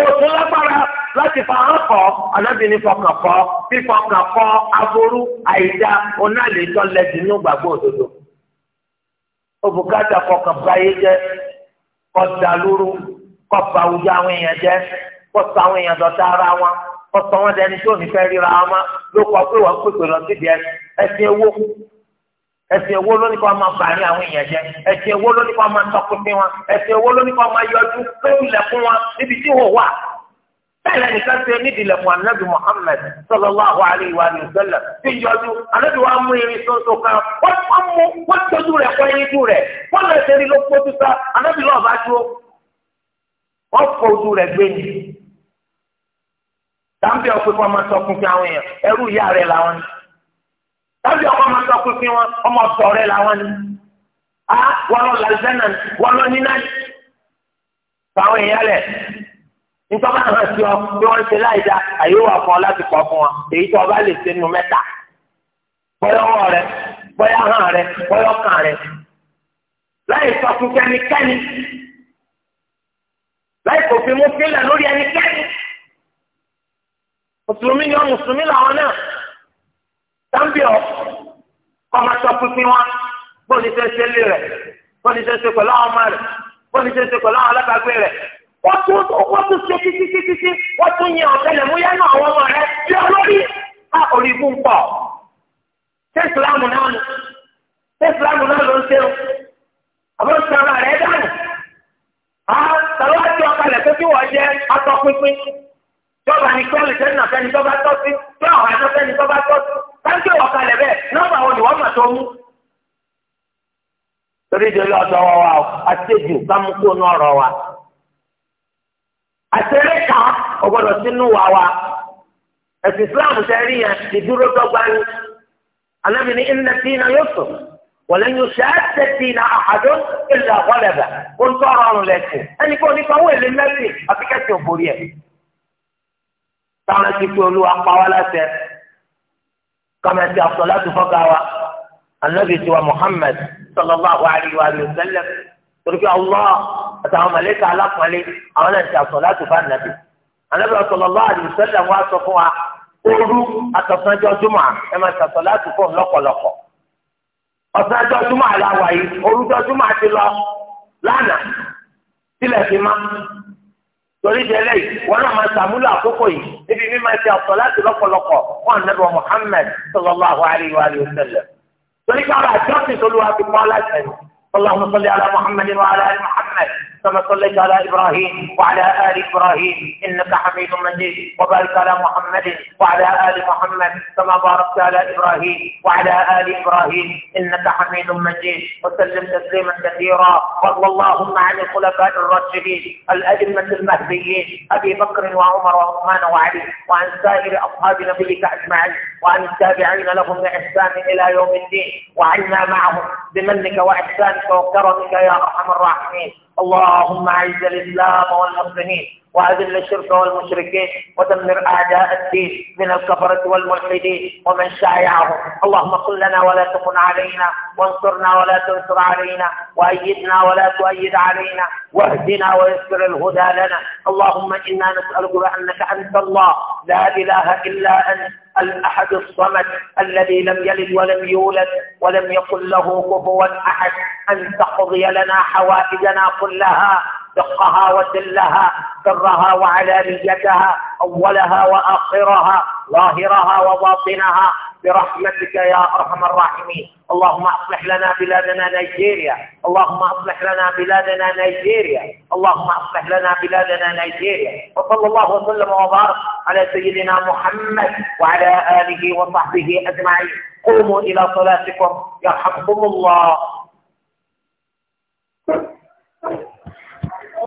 ó tún lágbára láti fọkàn kọ́ Ànábì ní fọkàn kọ́ fífọkàn kọ́ aburú àìdá onáàlẹ́tọ́ lẹ́dínú gbàgbọ́ òdodo. òbúkátà fọkàn báyé jẹ́ kọ́ dalúrú kọ́ bàwùjọ àwọn èèyàn jẹ́ kọ́ sọ àwọn èèyàn dọ̀tá ara wọn kọ́sọ́ wọn dẹni tí òní fẹ́ ríra ọmọ ló kọ́ pé wọ́n pèpè lọ síbi ẹsìn ewó ẹsìn ewó ló ní kó máa bà ní àwọn èèyàn jẹ ẹsìn ewó ló ní kó máa tọkùn sí wọn ẹsìn ewó ló ní kó máa yọjú pé ó lẹ̀kún wọn níbi tí wọ́n wà bẹ́ẹ̀ nìkan ṣe nídìílẹ̀ fún anabi muhammed sallallahu alayhi wa sallam ti yọjú anabi wa mú irin soso kan wọ́n mú wọ́n tọ́jú rẹ̀ kọ́ irin tú rẹ̀ wọ́n lọ ṣe ní ló kó tuta anabi lọ́ọ̀ bá dúró wọ́n fọ ojú rẹ̀ gbé ni. tàbí ọ̀pẹ̀ fún ọmọ sọkún fún àwọn èèyàn ẹrú ìyá rẹ̀ làwọn ni. tàbí ọkọ̀ ọmọ sọkún fún wọn ọmọ ọ̀tọ̀ rẹ̀ làwọn ni. a wọ́n lọ làzẹ́nà wọ́n lọ nítorí wọn náà sọ pé wọn ṣe láì dá àyè wà fún ọ láti pọ fún wọn èyí tó ọba lè ṣe nu mẹ́ta bóyá ọwọ́ rẹ bóyá hàn rẹ bóyá ọkàn rẹ láì sọ fún kẹ́nikẹ́ni láì kò fi mú sílẹ̀ lórí ẹnikẹ́ni mùsùlùmí ni wọn mùsùlùmí làwọn náà sáńbíọ kọ́má sọ pínpín wọn bóyá ṣe ń ṣe lé rẹ bóyá ṣe ń ṣe pẹ̀lú àwọn ọmọ rẹ bóyá ṣe ń ṣe pẹ̀lú àwọn alábàágbé rẹ. wọ́n tún wọ́n tún ṣe wọ́n tún yan ọ̀tẹlẹ̀múyẹ́ náà a rí pọ̀. ṣé ìsìlámù náà ṣé ìsìlámù náà ló ń ṣe o àbọ̀ rẹ̀ dànù. a tàbí rẹ̀ kí wọ́n jẹ́ atọ́ pínpín. jọba tọ́ sí ọ̀hún tọ́ sí àtẹrẹka ọgbọ́dọ̀ sínú wa wa ẹ̀sìn islam sẹrí yẹn ti dúró dọ́gba ni anabi ni inna dina yusuf walan na àhàdó ìlú illa ghalaba ó ń tọrọ ọrùn lẹsìn ẹni kó nípa owó èlé mẹsìn àti kẹsìn òbórí ẹ sáwọn ti fi olú apáwá láṣẹ kọmẹtì àtọlá tó fọgá wa anabi tiwa muhammad sallallahu alayhi wa sallam torí pé allah. àtàwọn mọ̀lẹ́kà alápọ̀nlé àwọn náà ti àsọ̀ láti bá nàbì. ànábì sallallahu alaihi wasallam wá sọ fún wa ooru àtọ̀sánjọ́ júmọ̀ ẹ máa sàsọ̀ láti fún un lọ́pọ̀lọpọ̀. ọ̀sánjọ́ júmọ̀ aláwa yìí orújọ́ júmọ̀ ti lọ lánàá sílẹ̀ fi má. torí délé wọn náà máa sàmúlò àkókò yìí níbi mímọ ti àsọ̀ láti lọ́pọ̀lọpọ̀ fún ànábì Muhammad sallallahu alaihi wasallam. torí káwọn àjọ كما صليت على إبراهيم وعلى آل إبراهيم إنك حميد مجيد وبارك على محمد وعلى آل محمد كما باركت على إبراهيم وعلى آل إبراهيم إنك حميد مجيد وسلم تسليما كثيرا وارض اللهم عن الخلفاء الراشدين الأئمة المهديين أبي بكر وعمر وعثمان وعلي وعن سائر أصحاب نبيك أجمعين وعن التابعين لهم بإحسان إلى يوم الدين وعنا معهم بمنك وإحسانك وكرمك يا أرحم الراحمين اللهم اعز الإسلام والمسلمين وأذل الشرك والمشركين ودمر أعداء الدين من الكفرة والملحدين ومن شايعهم اللهم صل لنا ولا تكن علينا وانصرنا ولا تنصر علينا وأيدنا ولا تؤيد علينا واهدنا ويسر الهدى لنا اللهم إنا نسألك بأنك أنت الله لا إله إلا أنت الأحد الصمد الذي لم يلد ولم يولد ولم يكن له كفوا أحد أن تقضي لنا حوائجنا كلها دقها وسلها سرها وعلانيتها أولها وآخرها ظاهرها وباطنها برحمتك يا أرحم الراحمين اللهم أصلح لنا بلادنا نيجيريا اللهم أصلح لنا بلادنا نيجيريا اللهم أصلح لنا بلادنا نيجيريا وصلى الله وسلم وبارك على سيدنا محمد وعلى آله وصحبه أجمعين قوموا إلى صلاتكم يرحمكم الله Thank you.